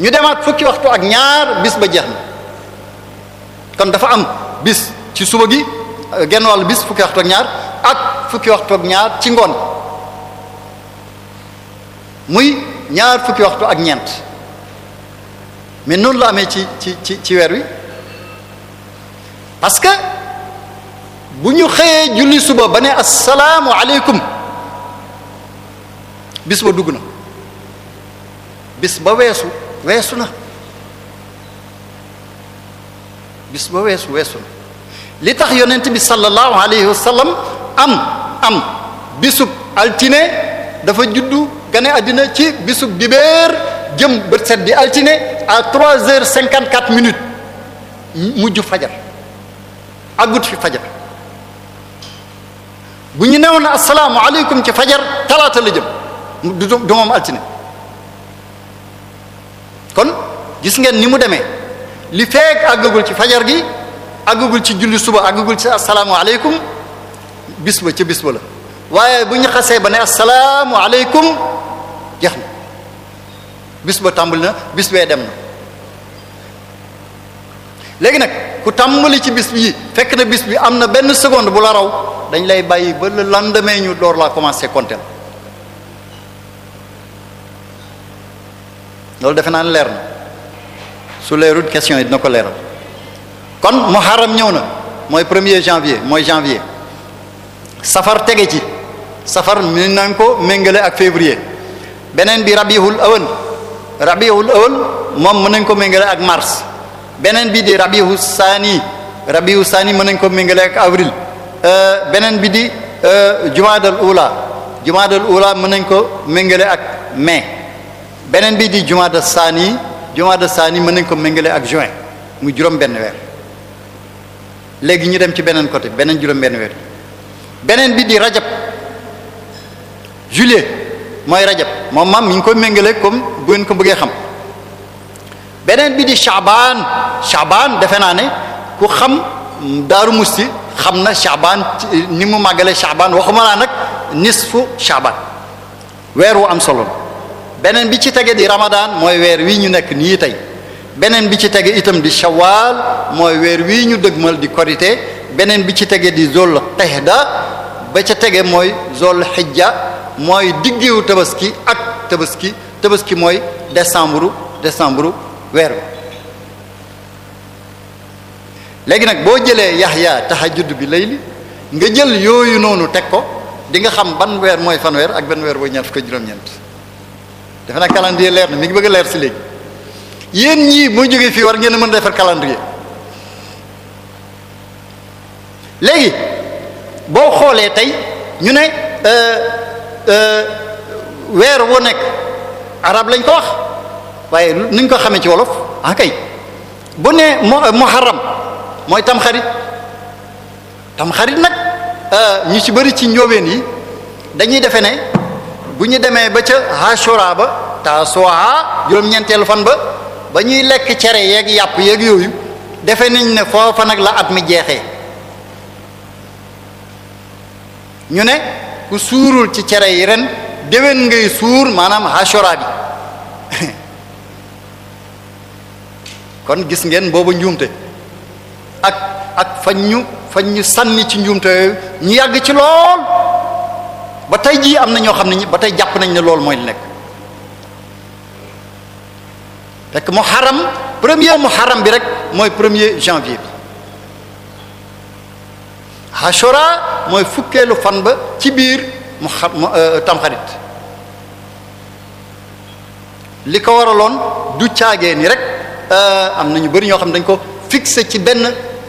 S3: ñu demaat fukki waxtu ak ñaar bis ba jeex na kon dafa am bis ci suba gi euh, genn wàllu bis fukki waxtu ak ñaar ak fukki waxtu ak ñaar ci ngoon muy ñaar fukki waxtu ak ñeent mais noonu la amee ci ci ci ci weer wi parce que bu ñu xëyee julli suba ba ne assalaamu aleykum bis ba dugg na bis ba weesu weesu na bis ba weesu weesu na li tax yonent bi sallallahu alayhi wa am am bisub altine dafa juddu gane àddina ci bisub dibéer jëm bët set di altine à trois cinquante quatre minutes mujj fajar àggut fi fajar bu ñu newoon assalaamu aleykum ci fajar talaata la jëm du du altine kon gis ngeen ni mu demee li feek àggagul ci fajar gi àggagul ci julli suba àggagul ci assalaamu aleykum bis ba ca la waaye bu ñu xasee ba ne assalaamu aleykum jeex na bis ba tàmbali na bis bee dem na léegi nag ku tàmbali ci bis bi fekk na bis bi am na benn seconde bu la raw dañ lay bàyyi ba le lendemain ñu door laa commencé compter loolu defe naa leer na su leerul question yi dina ko leeral kon muharram ñëw na mooy premier janvier mooy janvier safar tege ci safar mi nañ ko méngale ak février beneen bi rabiihul awal rabiihul awal moom mën nañ ko méngale ak mars beneen bi di rabiihu saani rabiihu saani mën nañ ko méngale ak avril euh, beneen bi di euh, jumaadal ula jumaadal ula mën nañ ko méngale ak mai beneen bi di jumaadal saani jumaadal saani mën nañ ko méngale ak juin mu juróom benn weer léegi ñu dem ci beneen côté beneen juróom benn weer beneen bi di rajab juillet mooy rajab moom maam mi ngi koy méngale comme bu ngeen ko bëggee xam beneen bi di chaabaan chaabaan defe naa ne ku xam daaru musti xam na chaabaan ni mu màggale chaabaan waxuma laa nag nisfu chaabaan weer wu am solo beneen bi ci tege di ramadaan mooy weer wii ñu nekk nii tey beneen bi ci tege itam di shawaal mooy weer wii ñu mal di korite beneen bi ci tege di zol xehda ba ca tege mooy zol xijja mooy diggewu tabaski ak tabaski tabaski mooy décembre décembre weer léegi nag boo jëlee yaxya tahajjud bi layli nga jël yooyu noonu teg ko di nga xam ban weer mooy fan ak ban weer booy ñaar fukk juróom-ñeent defe naa calendrier leer na mi ngi bëgg leer si léegi yéen ñii moo jógee fii war ngeen a mën defar calendrier léegi boo xoolee tey ñu ne euh, Euh, weer wu nekk arab lañ ko wax waaye nuñ ko xamee ci wolof ah bu ne euh, muharram mooy tamxarit tamxarit nag euh, ñu ci bari ci njóobeen yi dañuy defe ne bu ñu demee ba ca Ashura ba Tasuwaa juróom-ñeenteelu fan ba ba ñuy lekk cere yeeg yàpp yeeg yooyu defe nañ ne foofa nag la at mi jeexee ñu ne ku suurul ci cere yi ren déwén ngay suur maanaam hashora bi kon gis ngeen booba njuumte ak ak fañ ñu fañ ñu sànni ci njuumte yooyu ñu yàgg ci lool ba tey jii am na ñoo xam ne ba tey jàpp nañ ne loolu mooy nekk mu fekk muharram premier muharram bi rek mooy premier janvier bi hashora mooy fukkeelu fan ba ci biir mu xam euh, tamxarit li ko waraloon du caagee ni rek euh, am na ñu bari ñoo xam dañ ko fixé ci benn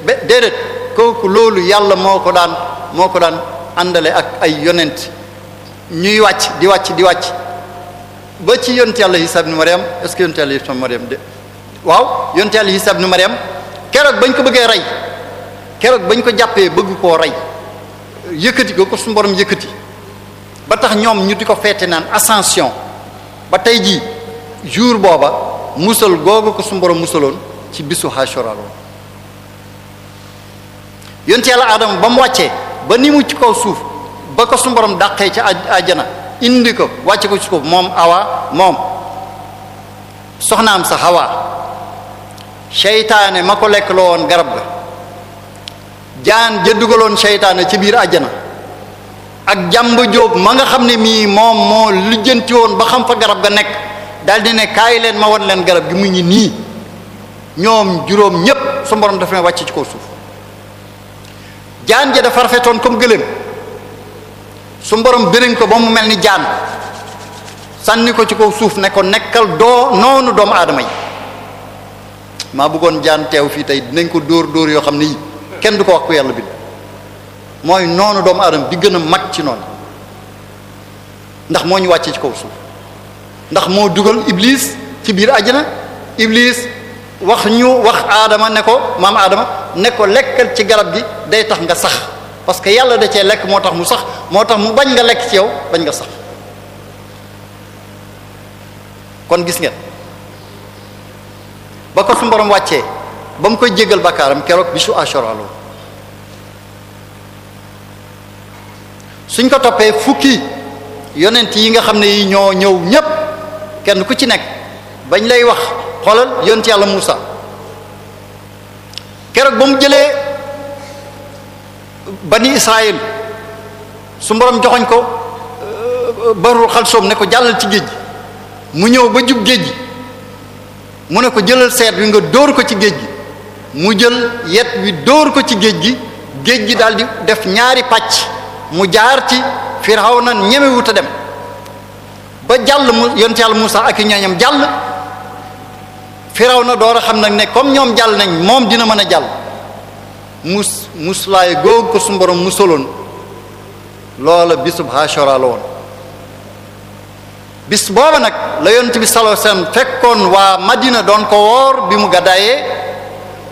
S3: be déedéet kooku loolu yàlla moo ko daan moo ko daan àndale ak ay yonent ñuy wàcc di wàcc di wàcc ba ci yonent yàlla Isa ibn Maryam est-ce que yonent yàlla Isa ibn Maryam de waaw yonent yàlla Isa ibn Maryam keroog bañ ko bëggee rey keroog bañ ko jàppee bëgg koo rey yëkkati ko ko suñu borom ba tax ñoom ñu di ko feete naan ascension ba tey jii jour booba musal googu ko suñu musaloon ci bisu Ashura loon yonte yàlla Adama ba mu wàccee ba ni mu ci kaw suuf ba ko suñu borom dàqee ci àjjana indi ko wàcce ko ci kaw moom awa moom soxnaam sa Hawa seytaane ma ko lekk loo woon garab ga jaan ja dugaloon seytaane ci biir àjjana ak jàmb jóob ma nga xam ne mii moom moo lijjanti woon ba xam fa garab ga nekk daldi ne kaay leen ma wan leen garab gi mu ngi nii ñoom juróom ñépp su borom daf ne wàcc ci ko suuf jaan ja dafa rafetoon comme gëléem su borom bëriñ ko ba mu mel ni jaan sànni ko ci kaw suuf ne ko nekkal doo noonu doomu aadama yi maa bëggoon jaan teew fii tey dinañ ko dóor dóor yoo xam ne yi kenn du ko wax ku yàlla bind mooy noonu doomu aadama bi gën a mag ci noonu ndax moo ñu wàccee ci kaw suuf ndax moo dugal iblis ci biir àjjana iblis wax ñu wax aadama ne ko maam aadama ne ko lekkal ci garab gi day tax nga sax parce que yàlla da cee lekk moo tax mu sax moo tax mu bañ nga lekk ci yow bañ nga sax kon gis ngeen ba ko su borom wàccee ba mu koy jéggal bakkaaram keroog bi su la suñ ko toppee fukki yonent yi nga xam ne yi ñoo ñëw ñépp kenn ku ci nekk bañ lay wax xoolal yonent yàlla Muusa keroog ba mu jëlee bani Israël su mboroom joxoñ ko euh, barul xalsoom ne ko jàllal ci géej gi mu ñëw ba jub géej gi mu ne ko jëlal seet wi nga dóor ko ci géej gi mu jël yet wi dóor ko ci géej gi géej gi daldi def ñaari pàcc mu jaar ci na ñemewut a dem ba jàll mu yonent yàlla Muusa ak i ñooñam jàll Firawna na doo xam nag ne comme ñoom jàll nañ moom dina mën a jàll mus muslaay googu ko su musaloon loola bisub Ashura la woon bis booba nag la yonent bi sallallahu alayhi fekkoon waa Madina doon ko woor bi mu gàddaayee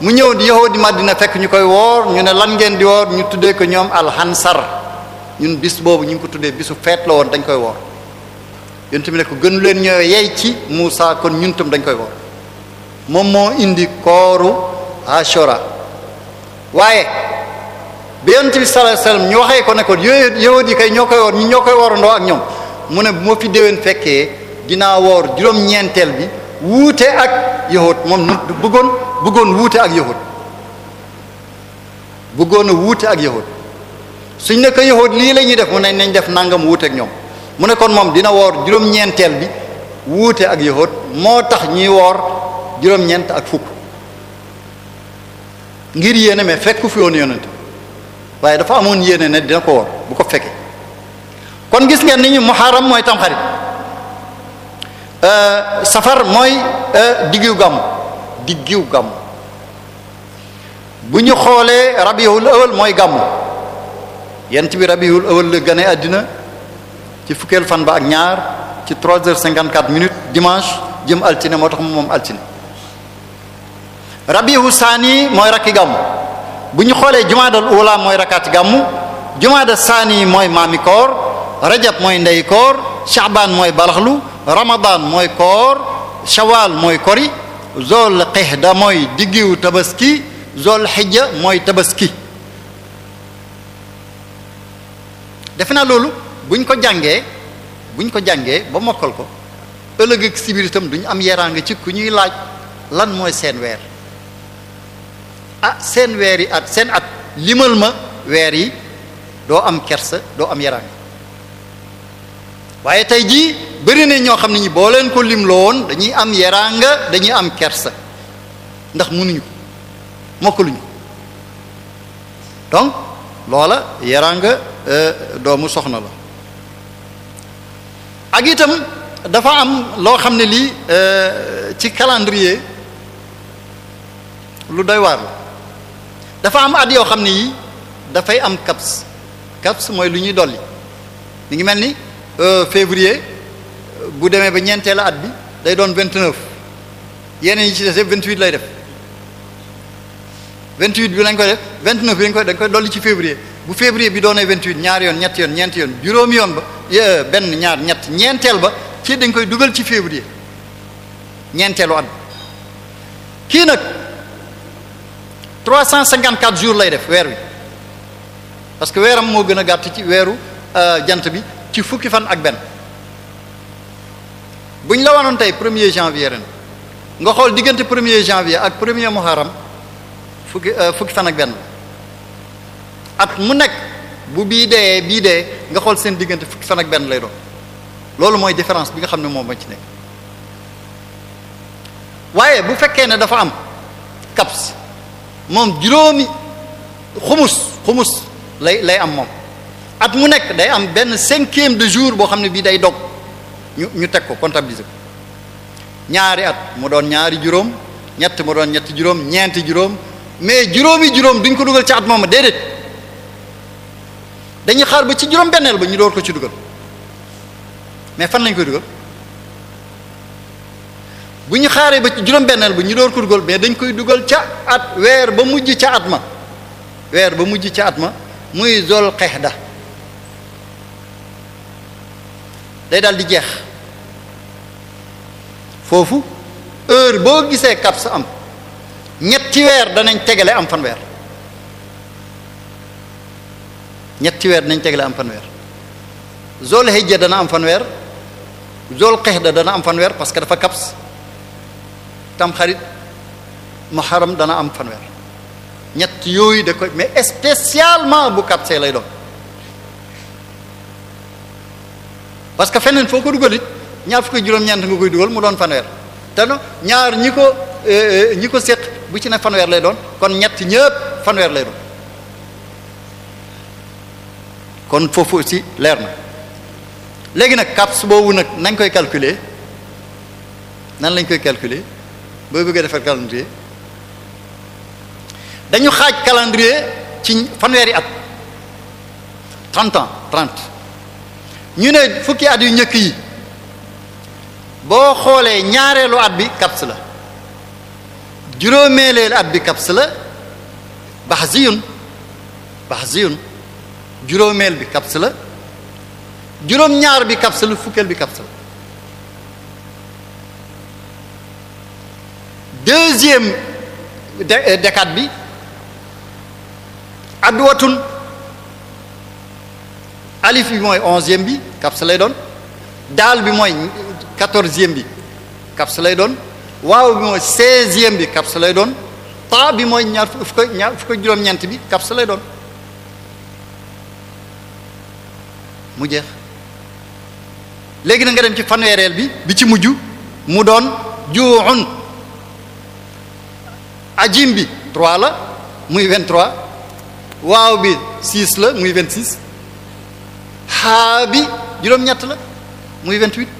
S3: mu ñëw di yahudi Madina fekk ñu koy woor ñu ne lan ngeen di woor ñu tuddee ko ñoom alxansar ñun bis boobu ñu ngi ko tuddee bisu feet la woon dañ koy woor yonent bi ne ko gënu leen ñoo yey ci Muusaa kon ñun dañ koy woor moom moo indi kooru Ashura waaye bi yonent bi sallallahu alayhi wasallam ñu waxee ko ne ko yooyu yahudi kay ñoo koy woor ñu ñoo koy woorandoo ak ñoom mu ne bu ma fi déwén fekkee dinaa woor juróom-ñeenteel bi wuute ak yahut moom nu bëggoon bëggoon wuute ak yahut bëggoon a wuute ak yahut suñ ne ko yahut lii la ñuy def mu ne nañ def nangam wuute ak ñoom mu ne kon moom dina woor juróom-ñeenteel bi wuute ak yahut moo tax ñuy woor juróom-ñeent ak fukk ngir yéene mais fekk fi woon yonent waaye dafa amoon yéene ne dina ko woor bu ko fekkee kon gis ngeen ni ñu muharram mooy tamxarit Euh, safar mooy euh, diggu gàmm diggu gàmm bu ñu xoolee rabiul awal mooy gàmmu yent bi rabiul awal la gane àddina ci fukkeel fan ba ak ñaar ci 3 cinquante 54 minutes dimanche jëm altine moo tax moom altine rabihu saani mooy rakki gàmm bu ñu xoolee jumaadal ula mooy rakkaati gàmm jumaada saani mooy maami rajab mooy ndey koor shaabaan mooy balaxlu ramadaan mooy koor shawaal mooy kori zol xihda mooy diggiwu tabaski zol xijja mooy tabaski defe naa loolu buñ ko jàngee buñ ko jàngee ba mokkal ko ëllëg ak sibir duñu am yeraanga ci ku ñuy laaj lan mooy seen weer ah seen weer yi at seen at limal ma weer yi doo am kersa doo am yeraanga waaye tey jii bëri na ñoo xam ne ñi boo leen ko woon dañuy am yeraanga dañuy am kersa ndax mënuñu ko mokkaluñu donc loola yaraanga euh, doomu soxna la ak itam dafa am loo xam ne lii euh, ci calendrier lu doy waar la dafa am at yoo xam ne yi dafay am kaps kaps mooy lu ñuy dolli mi ngi mel ni Euh, février bu demee ba ñeenteelu at bi day doon vingt-neuf yeneen yi ci des vingt-huit lay def vingt bi lañ koy def vingt-neuf bi lañ dañ koy dolli ci février bu février bi doonee vingt-huit ñaar yoon ñett yoon ñeenti yoon juróomi euh, benn ñaar ñett ñeenteel ba ci dañ koy dugal ci février ñeenteelu at kii nag trois cent cinquante-quatre jours lay def weer wi parce que weeram moo gën a gàtt ci weeru euh, jant bi ci fukki fan ak benn buñ la wanoon tey premier janvier ren nga xool diggante premier janvier ak premier muharram fukki euh, fukki fan ak benn at mu nekk bu bii dee bii dee nga xool seen diggante fukki fan ak benn lay doon loolu mooy différence bi nga xam ne moom ma ci nekk waaye bu fekkee ne dafa am kaps moom juróomi xumus xumus lay lay am moom at mu nekk day am benn cinquième de jour boo xam ne bii day dog ñu ñu teg ko comptabiliser ko ñaari at mu doon ñaari juróom ñett mu doon ñetti juróom ñeenti juróom mais juróomi juróom duñ ko dugal ci at moom déedéet dañuy xaar ba ci juróom ba ñu door ci dugal mais fan lañ koy dugal bu ñu xaaree ba ci juróom benneel ba ñu door ko dugal mais dañ koy dugal ca at weer ba mujj ca at ma weer ba mujj ca at ma muy zol xeex da day daal di jeex foofu heure boo gisee CAPS am ñetti weer danañ tegale am fanweer ñetti weer danañ tegale am fanweer zol hijja dana am fanweer zol qexda dana am fanweer parce que dafa kaps tam xarit xaram dana am fanweer ñett yooyu da koy mais spécialement bu CAPS lay doon parce que feneen foo ko dugal it ñaar fukki juróom-ñeent nga koy dugal mu doon fanweer te ñaar ñi ko eh, eh, ñi ko séq bu ci ne fanweer lay doon kon ñett ñëpp fanweer lay doon kon foofu si leer na léegi nag caps boobu nag nañ koy calculer nan lañ koy calculer booy bëggee defar calendrier dañu xaaj calendrier ci fanweeri at 30 ans ñu ne fukki at yu njëkk yi boo xoolee ñaareelu at bi kaps la at bi kaps la bax ziyun bax ziyun juróomeel bi kaps juróom-ñaar bi kaps la fukkeel bi kaps la deuxième décade bi adwatun alif bi mooy onzième bi kabs lay doon daal bi mooy quatorzième bi kabs lay doon waaw bi mooy seizième bi kabs lay doon ta bi mooy ñaar fukk ñaar fukk juróom-ñeent bi kabs lay doon mu jeex léegi na nga dem ci fanweereel bi bi ci mujj mu doon juun ajim bi 3 la muy 23 waaw bi 6 la muy vingt 26 xaa bi juróom-ñett la muy 28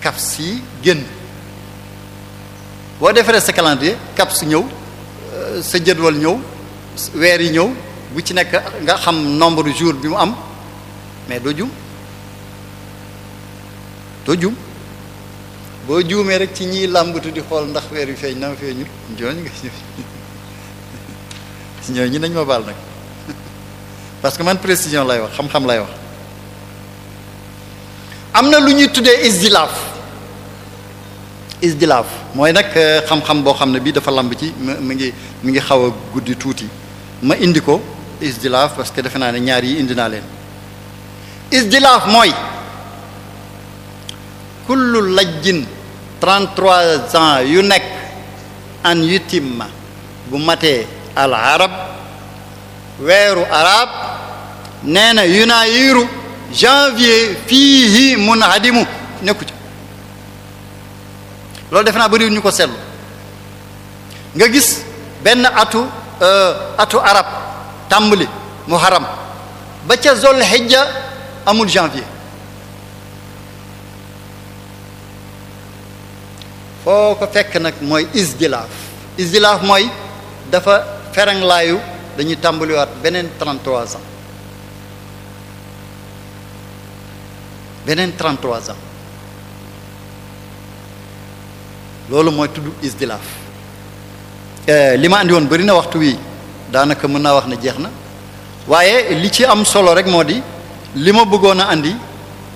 S3: kaf si génn boo defaree sa calendrier kaf si ñëw euh, sa jëdwal ñëw weer yi ñëw bu ci nekk nga xam nombre jour bi mu am mais doo juum boo juumee rek ci ñiy làmbatu di xool ndax weer wi feeñ na ma feeñul ñooñu nga ñooñu nañ ma baal nag parce que man précision lay wax xam-xam lay wax am na lu ñuy tuddee isdilaaf isdilaaf mooy nag euh, xam-xam boo xam ne bii dafa lamb ci mi ngi mi ngi xaw a guddi tuuti ma indi ko isdilaaf parce que defe naa ne ñaar yi indi naa leen isdilaaf mooy kullu lajjin 33 ans yu nekk an yutimma bu matee al arab weeru arab nee na yunaayiru janvier fiihi mun hadimu nekku ci loolu defe naa bëriwul ñu ko seetlu nga gis benn atu euh, atu arab tàmbali muharram ba ca zol hijja amul janvier foo ko fekk nag mooy isdilaaf isdilaaf mooy dafa feranglaayu dañuy tàmbaliwaat beneen 33 ans beneen 33 ans loolu mooy tudd isdilaaf euh, li ma andi woon bëri na waxtu wi daanaka mën naa wax ne jeex na waaye li ci am solo rek moo di li ma bëggoon a andi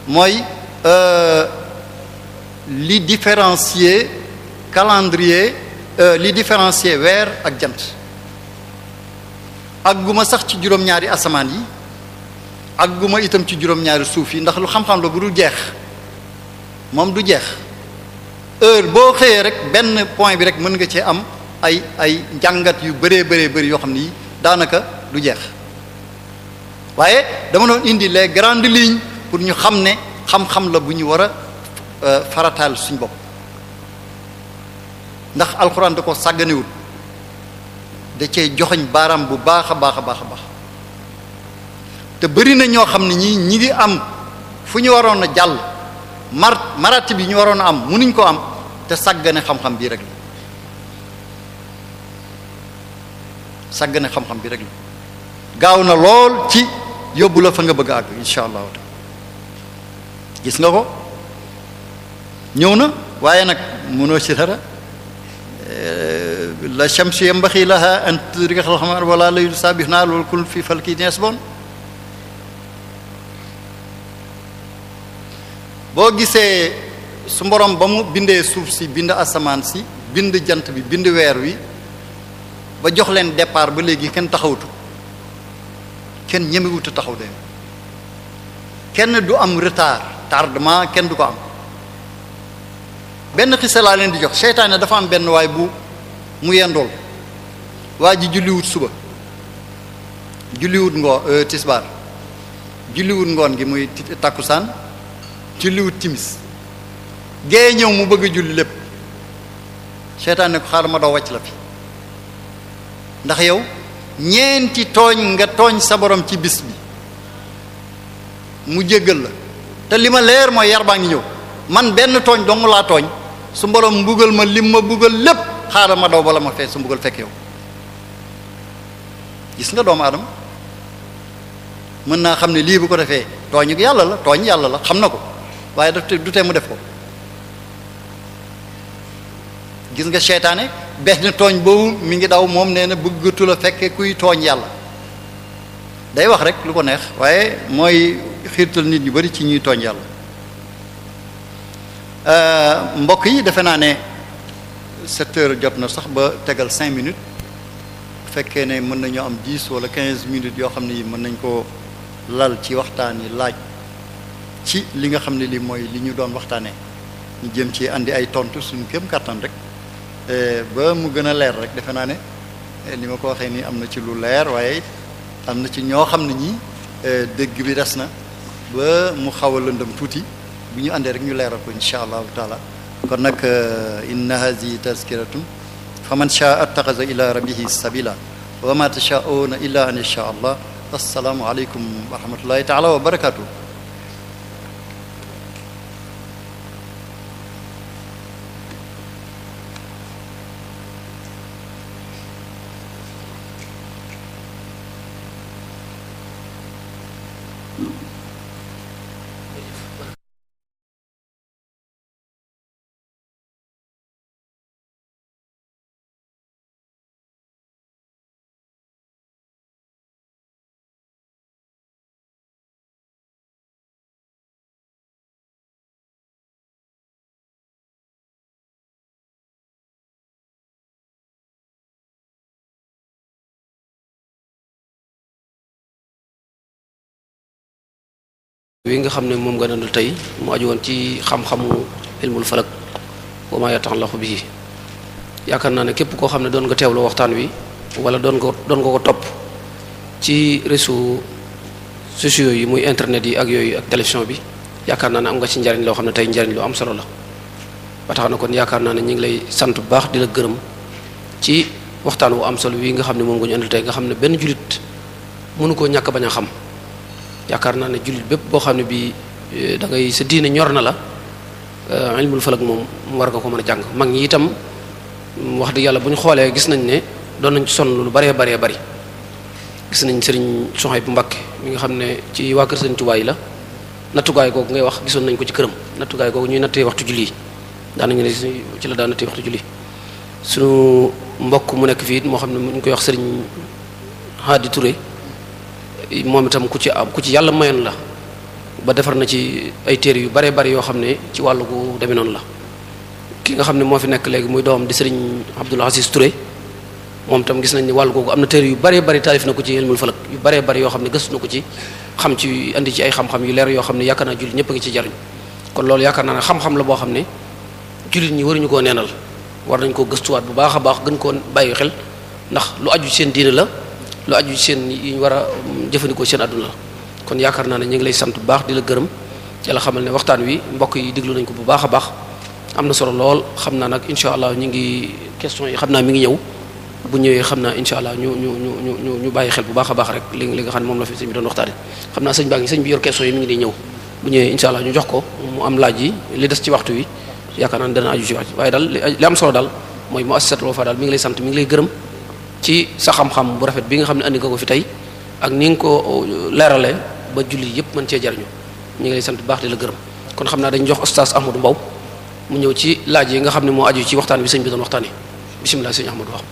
S3: mooy euh, li différencier calendrier euh, li différencier weer ak jant ak àgguma sax ci juróom-ñaari asamaan yi àgguma itam ci juróom-ñaari suuf yi ndax lu xam-xam la bu dul jeex moom du jeex heure boo xëyee rek benn point bi rek mën nga cee am ay ay njàngat yu bëree bëree bëri yoo xam ne ni daanaka du jeex waaye dama doon indi les grandes lignes pour ñu xam ne xam-xam la bu ñu war a euh, farataal suñ bopp ndax alxuraan da ko sàgganewul da cee joxoñ baaraam bu baax a baax a baax a baax te bëri na ñoo xam ne ñii ñi ngi am fu ñu waroon a jàll mar marati bi ñu waroon a am munuñ ko am te sàggane xam-xam bii rek la sàggane xam-xam bi rek la gaaw na lool ci yóbbu la fa nga bëgg a àgg incha allahu taala gis nga ko ñëw na waaye nag mënoo ci dara la shamsi yambaxi laha an tudrika al-qamar wala laylu sabihna wal kullu fi falkin yasbun boo gisee su mborom ba mu bindee suuf si bind asamaan si bind jant bi bind weer wi ba jox leen départ ba léegi kenn taxawtu kenn ñemewuta taxaw de kenn du am retard tardement kenn du ko am benn xisa laa leen di jox seytaane dafa am benn waay bu mu yendool waa ji julliwut suba julliwut ngoo euh, tisbaar julliwut ngoon gi muy takkusaan julliwut timis géeye ñëw mu bëgg julli lépp seytaane ne ko xaaral ma doo wàcc la fi ndax yow ñeenti tooñ nga tooñ sa boroom ci bis bi mu jéggal la te li ma leer mooy yar baa ngi ñëw man benn tooñ dong laa tooñ su borom mbugal ma lim ma mbugal lépp xaaral ma daw bala ma fee su mbugal fekk yow gis nga doomu aadama mën naa xam ne lii bu ko defee tooñu yàlla la tooñ yàlla la xam na ko waaye daf du tee mu def ko gis nga seytaane benn tooñ boobu mi ngi daw moom nee na bëggatu la fekk kuy tooñ yàlla day wax rek lu ko neex waaye mooy xiirtal nit ñu bari ci ñuy tooñ yàlla Euh, mbokk yi defe naa ne sept jot na sax ba tegal cinq minutes fekkee ne mën nañoo am dix wala quinze minutes yoo xam ne yi mën nañ koo lal ci waxtaan yi laaj ci li nga xam ne li mooy li ñu doon waxtaanee ñu jëm ci andi ay tontu suñu gém kàttan rek euh, ba mu gën a leer rek defe naa ne li euh, ma ko waxee nii am na ci lu leer waaye am na ci ñoo xam ne ñi dégg bi des na ba mu xaw a lëndëm tuuti bu ñu àndee rek ñu leeral ko incha allahu taala kon nag euh, inna hazihi tazkiratun fa man shaa attaxaza ila rabbihi sabila wa ma tashauna illa an yasha allah assalaamu aleykum wa rahmatullahi taala wa barakatuh
S4: wi nga xam ne moom nga doon tey mu aju woon ci xam-xamu ilmul falak wa ma yata'allaqu bihi
S5: yaakaar naa ne képp koo xam ne doon nga teewlu waxtaan wi wala doon nga doon nga ko topp ci réseaux sociaux yi muy internet yi ak yooyu ak télévision bi yaakaar naa ne am nga ci njariñ loo xam ne tey njariñ lu am solo la ba tax na kon yaakaar naa ne ñu ngi lay sant bu baax di la gërëm ci waxtaan wu am solo wii nga xam ne moom nga ñu andil tey nga xam ne benn jullit mënu koo ñàkk bañ a xam yaakaar naa ne jullit bépp boo xam ne bii eh, da ngay sa diine ñor na la eh, ilmul falak moom war nga ko mën a jàng mag ñi itam wax dëgg yàlla bu ñu xoolee gis nañ ne doon nañ ci sonn lu baree baree bari gis nañ sëriñ Soxaybu Mbakke mi nga xam ne ci waa kër sëriñ Tuubaa la nattugaay googu ngay wax gisoon nañ ko ci këram nattugaay googu ñuy nattee waxtu julli daanañu ne ci la daan nattee waxtu julli suñu mbokk mu nekk fii moo xam ne mu ñu koy wax sëriñ Hadi Touré moom itam ku ci am ku ci yàlla mayoon la ba defar na ci ay téere yu bare bari yoo xam ne ci wàllu gu demee noonu la ki nga xam ne moo fi nekk léegi muy doom di sëriñ Abdoul Aziz Touré moom tam gis nañ ni wàll googu am na téere yu baree bari taalif na ko ci ilmul falak yu baree bari yoo xam ne gëstu na ko ci xam ci indi ci ay xam-xam yu leer yoo xam ne yaakaar naa jullit ñëpp a ngi ci jariñ kon loolu yaakaar naa ne xam-xam la boo xam ne jullit ñi waruñu koo neenal war nañ koo gëstuwaat bu baax a baax gën koo bàyyi xel ndax la lu aju seen yi ñu war a jëfandikoo seen àdduna la kon yaakaar naa ne ñu ngi lay sant bu baax di la gërëm di la xamal ne waxtaan wi mbokk yi déglu nañ ko bu baax a baax am na solo lool xam naa nag incha allah ñu ngi question xam naa mi ngi ñëw bu ñëwee xam naa incha allah ñu ñu ñu ñu ñu bàyyi xel bu baax a baax xam ne moom la fi sëñ bi doon waxtaane xam naa sëñ baa ngi sëñ bi yor question yi mi ngi di ñëw bu ñëwee incha allah ñu jox ko mu am laaj yi li des ci waxtu wi yaakaar naa ne dana aju ci wax waaye daal li am solo daal mooy mu assisat Wafa daal mi ngi lay sant mi ngi lay gërëm ci sa xam-xam bu rafet bi nga xam ne andi nga ko fi tey ak ni nga ko euh, leeralee ba julli yëpp mën cee jariñu ñu ngi lay sant baax de la gërëm kon xam naa dañ jox oustaz Ahmadou Mbow mu ñëw ci laaj yi nga xam ne moo aju ci waxtaan bi sëñ bi doon waxtaanee bisimilah sëñ Ahmadou wax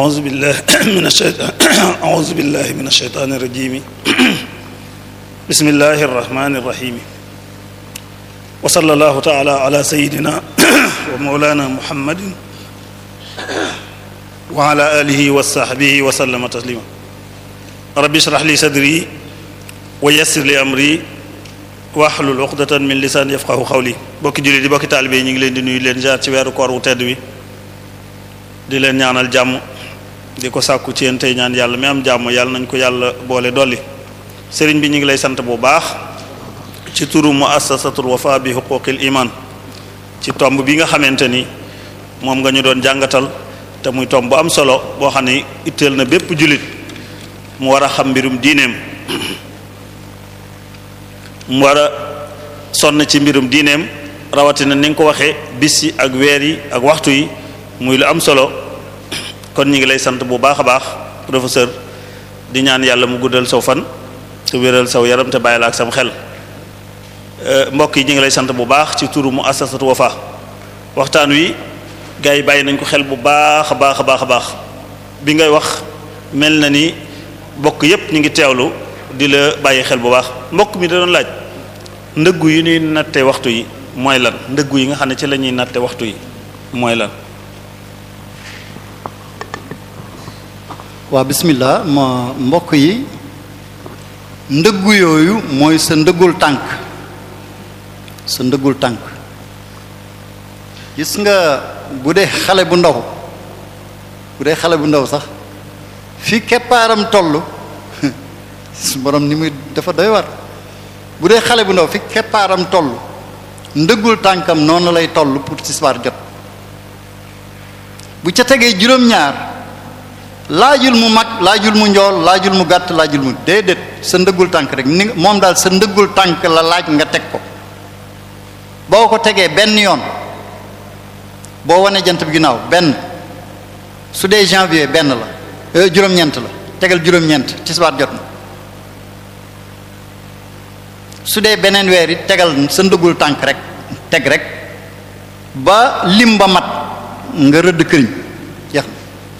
S2: أعوذ بالله من الشيطان أعوذ بالله من الشيطان الرجيم بسم الله الرحمن الرحيم وصلى الله تعالى على سيدنا ومولانا محمد وعلى آله وصحبه وسلم تسليما ربي اشرح لي صدري ويسر لي أمري واحلul uqdatan min lisaan yafqahu qawli bokki jullit di bokki taalibe yi ñu ngi leen di nuyu leen jaar ci weeru koor wu tedd wi di leen ñaanal jàmm di ko sàkku ci yéen ñaan yàlla mi am jàmm yàlla nañ ko yàlla boole dolli sëriñ bi ñu ngi lay sant bu baax ci turu muassasatul wafa bi huquqil iman ci tomb bi nga xamante ni moom nga ñu doon jàngatal te muy tomb bu am solo boo xam ne itteel na bépp jullit mu war a xam mbirum diineem mu war a sonn ci mbirum diineem rawatina ni nga ko waxee bis yi ak weer yi ak waxtu yi muy lu am solo kon ñu ngi lay sant bu baax a baax professeur di ñaan yàlla mu guddal saw fan te wéral saw yaram te bàyyi la ak sam xel euh, mbokk yi ñu ngi lay sant bu baax ci turu mu assasatu wafa waxtaan wi gars yi bàyyi nañ ko xel bu baax a baax a baax a baax bi ngay wax mel na ni bokk yépp ñu ngi teewlu di la bàyyi xel bu baax mbokk mi da doon laaj ndëggu yi ñuy natte waxtu yi mooy lan ndëggu yi nga xam ne ci la ñuy natte waxtu yi mooy lan
S3: waa bismillah ma mbokk yi ndëggu yooyu mooy sa ndëggul tànk sa ndëggul tànk gis nga bu dee xale bu ndaw bu dee xale bu ndaw sax fii keppaaram tollu su borom ni muy dafa doy war bu dee xale bu ndaw fi keppaaram tollu ndëggul tànkam noonu lay toll pour tisbaar jot bu ca tegee juróom-ñaar laajul mu mag laajul mu njool laajul mu gàtt laajul mu déedéet sa ndëggul tànk rek ni moom daal sa ndëggul tànk la laaj nga teg ko boo ko tegee benn yoon boo wanee jant bi ginnaaw benn su dee janvier benn la euh, juróom-ñeent la tegal juróom-ñeent tisbaar jot na su dee beneen weer it tegal sa ndëggul tànk rek teg rek ba lim ba mat nga rëdd këriñ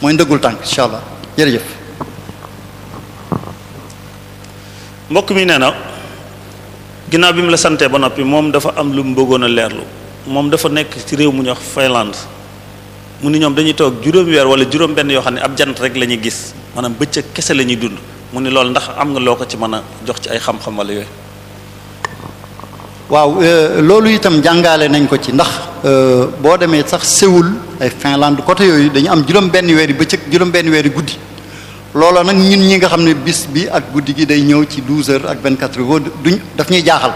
S2: mooy ndëggul tànk incha allah jërëjëf. mbokk mi nee na ginnaaw bi mu la sante ba noppi moom dafa am lu mu bëggoon a leerlu moom dafa nekk ci réew mu ñuy wax Finlande mu ni ñoom dañuy toog juróom weer wala juróom benn yoo xam ne ab jant rek la ñuy gis maanaam bëccëg kese la ñuy dund mu ni loolu ndax am nga loo ko ci mën a jox ci ay xam-xam wala yooyu.
S3: waaw euh, loolu itam jàngale nañ ko ci ndax euh, boo demee sax Séoul ay Finlande côté yooyu dañu am juróom benn weeri bëccëg juróom benni weeri guddi looloo nag ñun ñi nga xam ne bis bi ak guddi gi day ñëw ci 12 heures ak 24 heures duñ daf ñuy jaaxal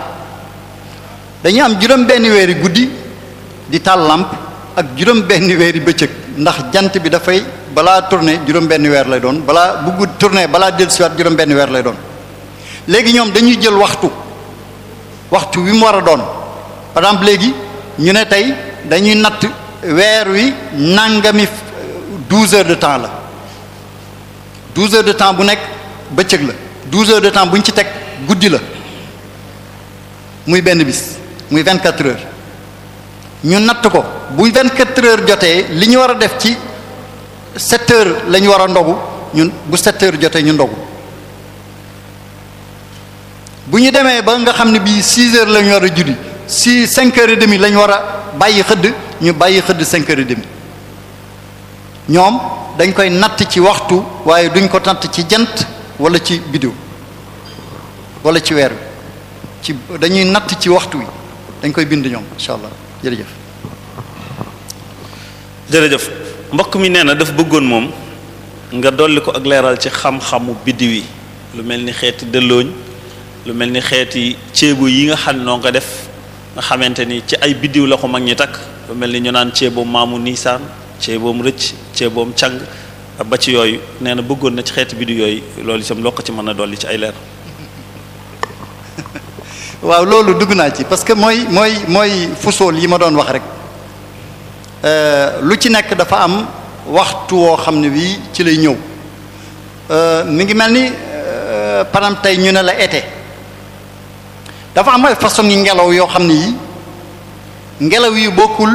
S3: dañuy am juróom benn weeri guddi di taal lamp ak juróom benn weeri bëccëg ndax jant bi dafay balaa tourner juróom benn weer lay doon balaa bu gudd tourner balaa dellusiwaat juróom benni weer lay doon léegi ñoom dañuy jël waxtu waxtu wi mu war a doon par léegi ñu ne tey dañuy natt weer wi nangami douze heures de temps la douze heures de temps bu nekk bëccëg la douze de temps bu ñu ci teg guddi la muy benn bis muy vingt quatre heures ñu natt ko bu vingt quatre heures jotee li ñu war a def ci sept heures la ñu war a ndogu ñun bu sept heures jotee ñu ndogu bu ñu demee ba nga xam ne bii 6 heures la ñu war a julli si 5 heures et demi la war a bàyyi xëdd ñu bàyyi xëdd 5 heures et demi ñoom dañ koy natt ci waxtu waaye duñ ko natt ci jant wala ci bidéo wala ci weer wi ci dañuy natt ci waxtu wi dañ koy bind ñoom incha allah
S2: jërëjëf. jërëjëf mbokk mi nee na daf bëggoon moom nga dolli ko ak leeral ci xam-xamu biddiw yi lu mel ni xeeti dëllooñ. lu mel ni xeeti ceebu yi nga xam noo ko def nga xamante ni ci ay biddiw la ko mag ñi takk lu mel ni ñu naan ceeboom maamu niisaan ceeboom rëcc ceeboom càng ba ci yooyu nee na bëggoon na ci xeeti biddiw yooyu loolu itam loo ko ci mën a dolli ci ay leer.
S3: waaw loolu dugg naa ci parce que mooy mooy mooy fusool yi ma doon wax rek euh, lu ci nekk dafa am waxtu woo xam ne wii ci lay ñëw euh, mi ngi mel ni euh, panam tey ñu ne la été dafa am ay façon yi ngelaw yoo xam ne yi ngelaw yi bokkul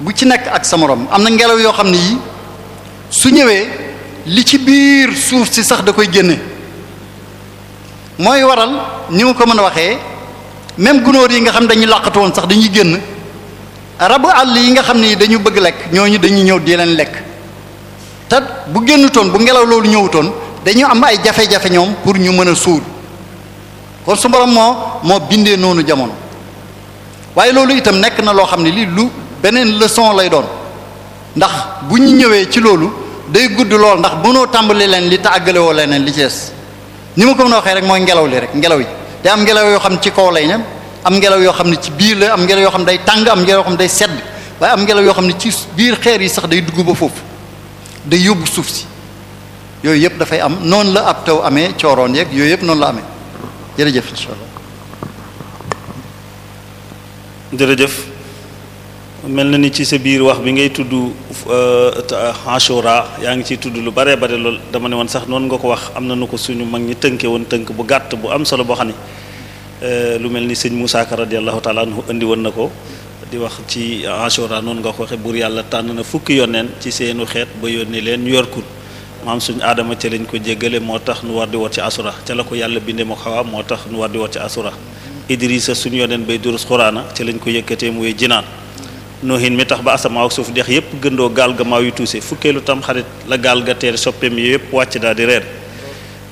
S3: bu ci nekk ak sa moroom am na ngelaw yoo xam ne yi su ñëwee li ci biir suuf si sax da koy génne mooy waral ni mu ko mën a waxee même gunóor yi nga xam dañuy làqatu woon sax dañuy génn rabu àll yi nga xam ne dañu bëgg lekk ñooñu dañuy ñëw di leen lekk te bu génnutoon bu ngelaw loolu ñëwutoon dañu am ay jafe-jafe ñoom pour ñu mën a suur kon su borom moo moo bindee noonu jamono waaye loolu itam nekk na loo xam ne lii lu beneen leçon lay doon ndax bu ñu ñëwee ci loolu day gudd lool ndax mënoo tàmbali leen li te àggale leneen li ci des ni ma ko mën a waxee rek mooy ngelaw li rek ngelaw yi day am ngelaw yoo xam ne ci kaw lay ñam am ngelaw yoo xam ne ci biir la am ngelaw yoo xam ne day tàng am ngelaw yoo xam ne day sedd waaye am ngelaw yoo xam ne ci biir xeer yi sax day duguba foofu day yóbbu suuf si yooyu yëpp dafay am noonu la ab taw amee cooroon
S2: yeeg yooyu yëpp noonu la amee jërëjëf jërëjëf mel na ni ci sa biir wax bi ngay tudd euh, Ashura yaa ngi ciy tudd lu bare bare lool dama ne woon sax noonu nga ko wax am na nu ko suñu mag ñi tënke woon tënk bu gàtt bu am solo boo xam ne euh, lu mel ni sëñ Moussa Ka radiyallahu taala anhu indi woon na ko di wax ci Ashura noonu nga ko waxe buur yàlla tànn na fukki yónneen ci seenu xeet ba yónnee leen ñu yor ko maam suñu aadama ca lañ ko jéggale moo tax nu war di woor ci asura ca la ko yàlla bindee moo xawaa moo tax nu war di woor ci asura idrisa suñu yoneen bay durus xuraana ca lañ ko yëkkatee muy jinaan noohin mi tax ba asamaa ak suuf deex yépp gëndoo gaal ga maaw yu tuuse fukkeelu tam tamxarit la gaal ga teer soppeem yi yépp wàcc daal di reer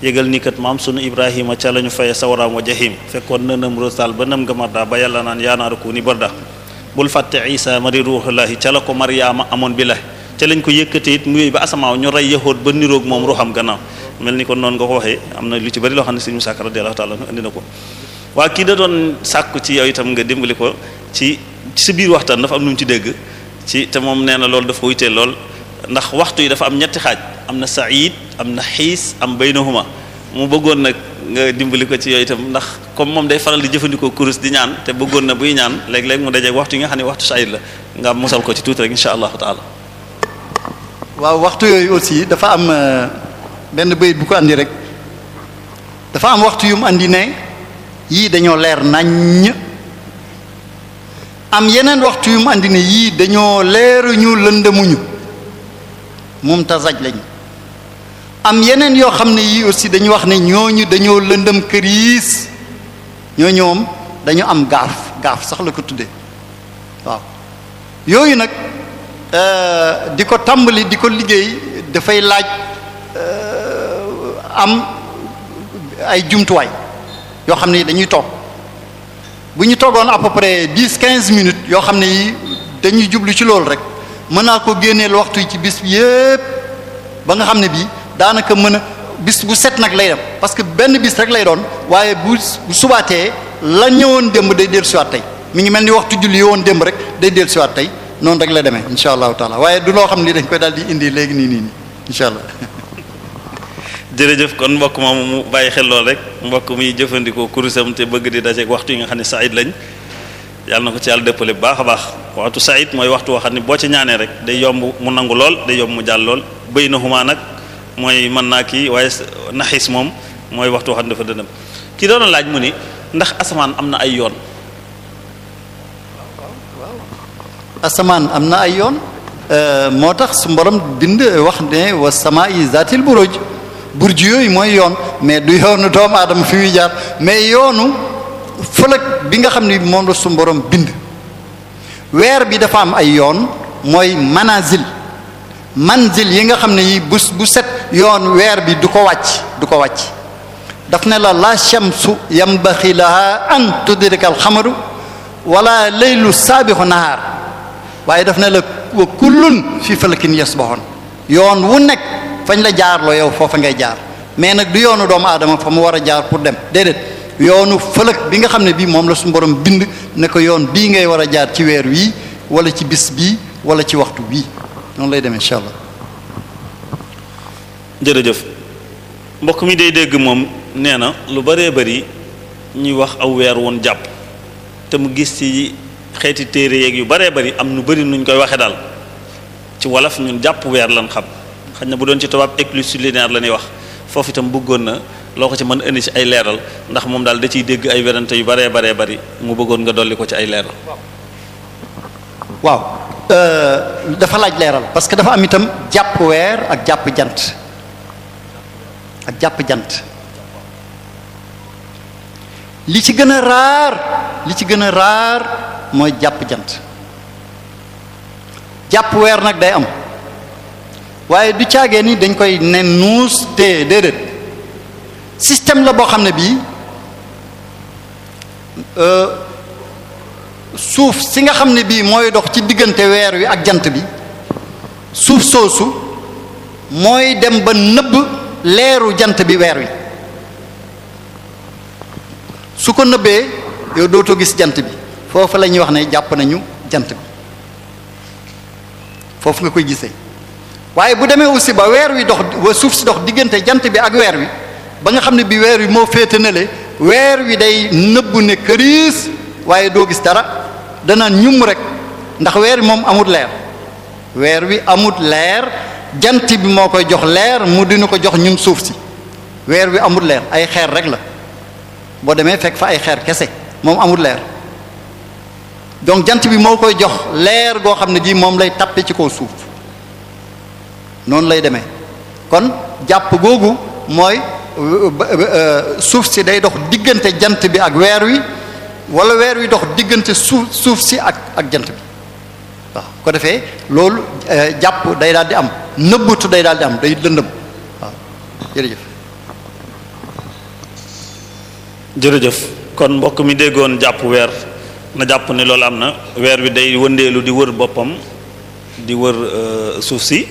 S2: yëgal ni kat maam sunu ibrahima ca la ñu faye sawraam wa jahim fekkoon na nam rosaal ba nam nga ba yàlla naan yaanaaru ko ni barda bul fàtte isa mari ruuxullahi ca la ko maryaama amoon bi la ca lañ ko yëkkate it mu yooyu ba asamaaw ñu rey yaxóot ba niroog moom ruuxam gannaaw mel ni kon noonu nga ko waxee am na lu ci bari loo xam ne Sëriñ Musaa Ka radiyallahu taala ko waa kii da doon sàkku ci yow itam nga dimbali ko ci ci sa biir waxtaan dafa am nu mu ci dégg ci te moom nee na loolu dafa wutee lool ndax waxtu yi dafa am ñetti xaaj am na saïd am na xiis am baynahuma mu bëggoon nag nga dimbali ko ci yooyu itam ndax comme moom day faral di jëfandikoo kurus di ñaan te bëggoon na buy ñaan léeg-léeg mu dajeeg waxtu yi nga xam ne waxtu saïd la nga musal ko ci tuuti rek incha allahu taala
S3: waaw waxtu yooyu aussi dafa am euh, benn bayit bu ko andi rek dafa am waxtu yu mu andi ne yii dañoo leer nañ am yeneen waxtu yu mu andi ne yii dañoo leeruñu lëndëmuñu moom tasaj lañ am yeneen yoo xam ne yii aussi dañu wax ne ñooñu dañoo lëndëm këriis ñoo ñoom dañu am gaaf gaaf sax la ko tuddee waaw yooyu nag Euh, di ko tàmbali di ko liggéey dafay laaj euh, am ay jumtuwaay yoo xam ne dañuy toog bu ñu toogoon à peu près dix quinze minutes yoo xam ne yi dañuy jublu ci loolu rek mën naa ko génneel waxtu yi ci bis bi yépp ba nga xam ne bii daanaka mën a bis bu set nag lay dem parce que benn bis rek lay doon waaye bu bu subaatee la ñëwoon démb day dellusiwaat tey mi ngi mel ni waxtu julli yowoon démb rek day dellusiwaat tey noonu rek la deme incha allah taala waaye du loo xam ni dañ koy daal di indi léegi nii nii nii incha allah.
S2: jërëjëf kon mbokk moomu mu bàyyi xel lool rek mbokk muy jëfandikoo kurusam te bëgg di dajeeg waxtu yi nga xam ne saïd lañ yàlla na ko ci yàlla dëppale bu baax a baax waxtu saïd mooy waxtu woo xam ne boo ci ñaanee rek day yomb mu nangu lool day yomb mu jàll lool béy na xumaa nag mooy mën naa kii waaye naxis moom mooy waxtu woo ne dafa dënam kii doo laaj mu ni ndax asamaan am na ay yoon.
S3: asamaan am na ay yoon euh, moo tax su mborom bind wax ne wa samaa'i zaatil buruj burj yooyu mooy yoon mais du yoonu doomu aadama fi muy jaar mais yoonu fëlëg bi nga xam ni moom su mborom bind weer bi dafa am ay yoon mooy manazil manzil yi nga xam ne yi bu set yoon weer bi du ko wàcc du ko wàcc daf ne la la shamsu yambaxi laha an tudrikal xamaru wala laylu saabixu nahaar waaye daf ne la wa kullun fi falakin yasbahun yoon wu nekk fañ la jaar jaarloo yow foofa ngay jaar mais nag du yoonu doomu aadama fa mu war a jaar pour dem déedéet yoonu fëlëk bi nga xam ne bii moom la su borom bind ne ko yoon bii ngay war a jaar ci weer wii wala ci bis bii wala ci waxtu wii noonu lay demee incha
S2: jërëjëf mbokk mi day dégg moom nee na lu baree bari ñuy wax aw weer woon jàpp te mu gis ci. xeeti téere yeeg yu baree bari am nu bari nuñ koy waxee daal ci wolof ñun jàpp weer lan xam xañ na bu doon ci tubaab éclipse lunaire la ñuy wax foofu itam bëggoon na loo ko ci mën indi ci ay leeral ndax moom daal da ciy dégg ay werante yu bare baree bari mu bëggoon nga dolli ko ci ay leeral.
S3: waaw euh, dafa laaj leeral parce que dafa am itam jàpp weer ak jàpp jant ak jàpp jant li ci gën a raar li ci gën a raar. mooy jàpp jant jàpp weer nag day am waaye du caagee ni dañ koy ne nuus te déedéet système la boo xam ne bii euh, suuf si nga xam ne bii mooy dox ci diggante weer wi ak jant bi suuf soosu mooy dem ba nëbb leeru jant bi weer wi su ko nëbbee yow dootoo gis jant bi foofu la ñuy wax na jàpp nañu jant bi foofu nga koy gisee waaye bu demee aussi ba weer wi dox wa suuf si dox diggante jant bi ak weer wi ba nga xam ne bi weer wi moo féete na weer wi day nëbbu ne këriis waaye doo gis dara dana ñum rek ndax weer moom amut leer weer wi amut leer jant bi moo koy jox leer mu dina ko jox ñun suuf si weer wi amut leer ay xeer rek la boo demee fekk fa ay xeer kese moom amut leer donc jant bi moo koy jox leer goo xam ne gi moom lay tappe ci kaw suuf noonu lay deme kon jàpp googu mooy euh, euh, suuf si day dox diggante jant bi ak weer wi wala weer wi dox diggante suuf suuf si ak ak jant bi ko defee loolu euh, jàpp day daal di am
S2: nëbbutu day daal di am day lëndëm jërëjëf jërëjëf kon mbokk mi déggoon jàpp weer na jàpp ne loolu am na weer bi day wëndeelu di wër boppam di wër euh, suuf si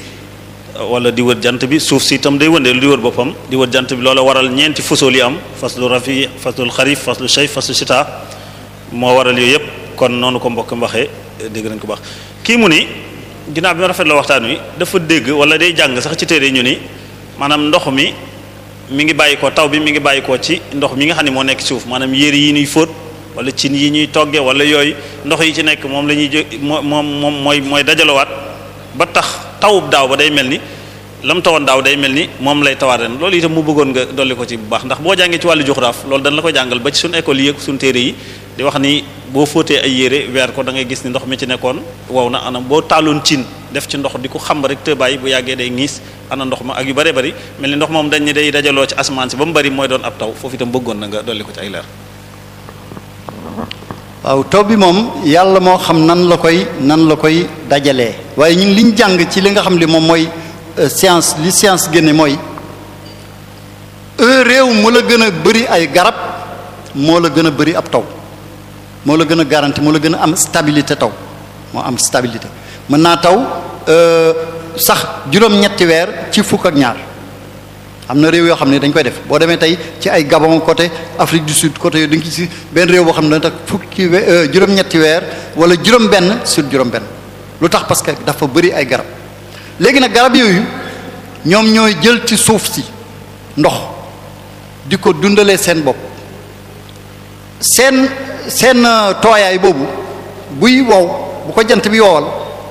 S2: wala di wër jant bi suuf si itam day wëndeelu di wër boppam di wër jant bi loola waral ñeenti fusool yi am faslu rafi faslul xarif faslu chey faslu chita moo waral yooyu yëpp kon noonu ko mbokk mi waxee dégg nañ ko baax kii mu ni ginnaaw bi ma rafet la waxtaan wi dafa dégg wala day jàng sax ci téere ñu ni maanaam ndox mi mi ngi bàyyi ko taw bi mu ngi bàyyi ko ci ndox mi nga xam ne moo nekk ci suuf maanaam yére yi ñuy fóot wala cin yi ñuy togge wala yooyu ndox yi ci nekk moom la ñuy jé moom moom mooy mooy dajalowaat ba tax tawub daaw ba day mel ni lam tawoon daaw day mel ni moom lay tawaat ren loolu itam mu bëggoon nga dolli ko ci bu baax ndax boo jàngee ci wàllu juxraaf loolu dañ la ko jàngal ba ci suñu école yi ak suñu téere yi di wax ni boo fóotee ay yére weer ko da ngay gis ni ndox mi ci nekkoon wow na ana boo taaloon cin def ci ndox di ko xam rek te bàyyi bu yàggee day ngiis ana ndox ma ak yu bëree bëri mel ni ndox moom dañ day dajaloo ci asamaan si ba mu bëri mooy taw foofu itam bëggoon na nga dolli ko ci ay leer
S3: waaw taw bi moom yàlla moo xam nan la koy nan la koy dajalee waaye ñun liñ jàng ci li nga xam ne moom mooy euh, science li science génne mooy réew mu la gën a bëri ay garab moo la gën a bëri ab taw moo la gën a garanti moo la gën a am stabilité taw moo am stabilité mën naa taw euh, sax juróom-ñetti weer ci fukk ak ñaar am na réew yoo xam ne dañ koy def boo demee tey ci ay Gabon côté Afrique du Sud côté yooyu dañ si benn réew boo xam ne da tax fukki euh, juróom-ñetti weer wala juróom-benn sur juróom-benn lu tax parce que dafa bëri ay garab léegi nag garab yooyu ñoom ñooy jël ci suuf si ndox di ko dundalee seen bopp seen seen euh, tooyaay boobu buy wow bu ko jant bi wowal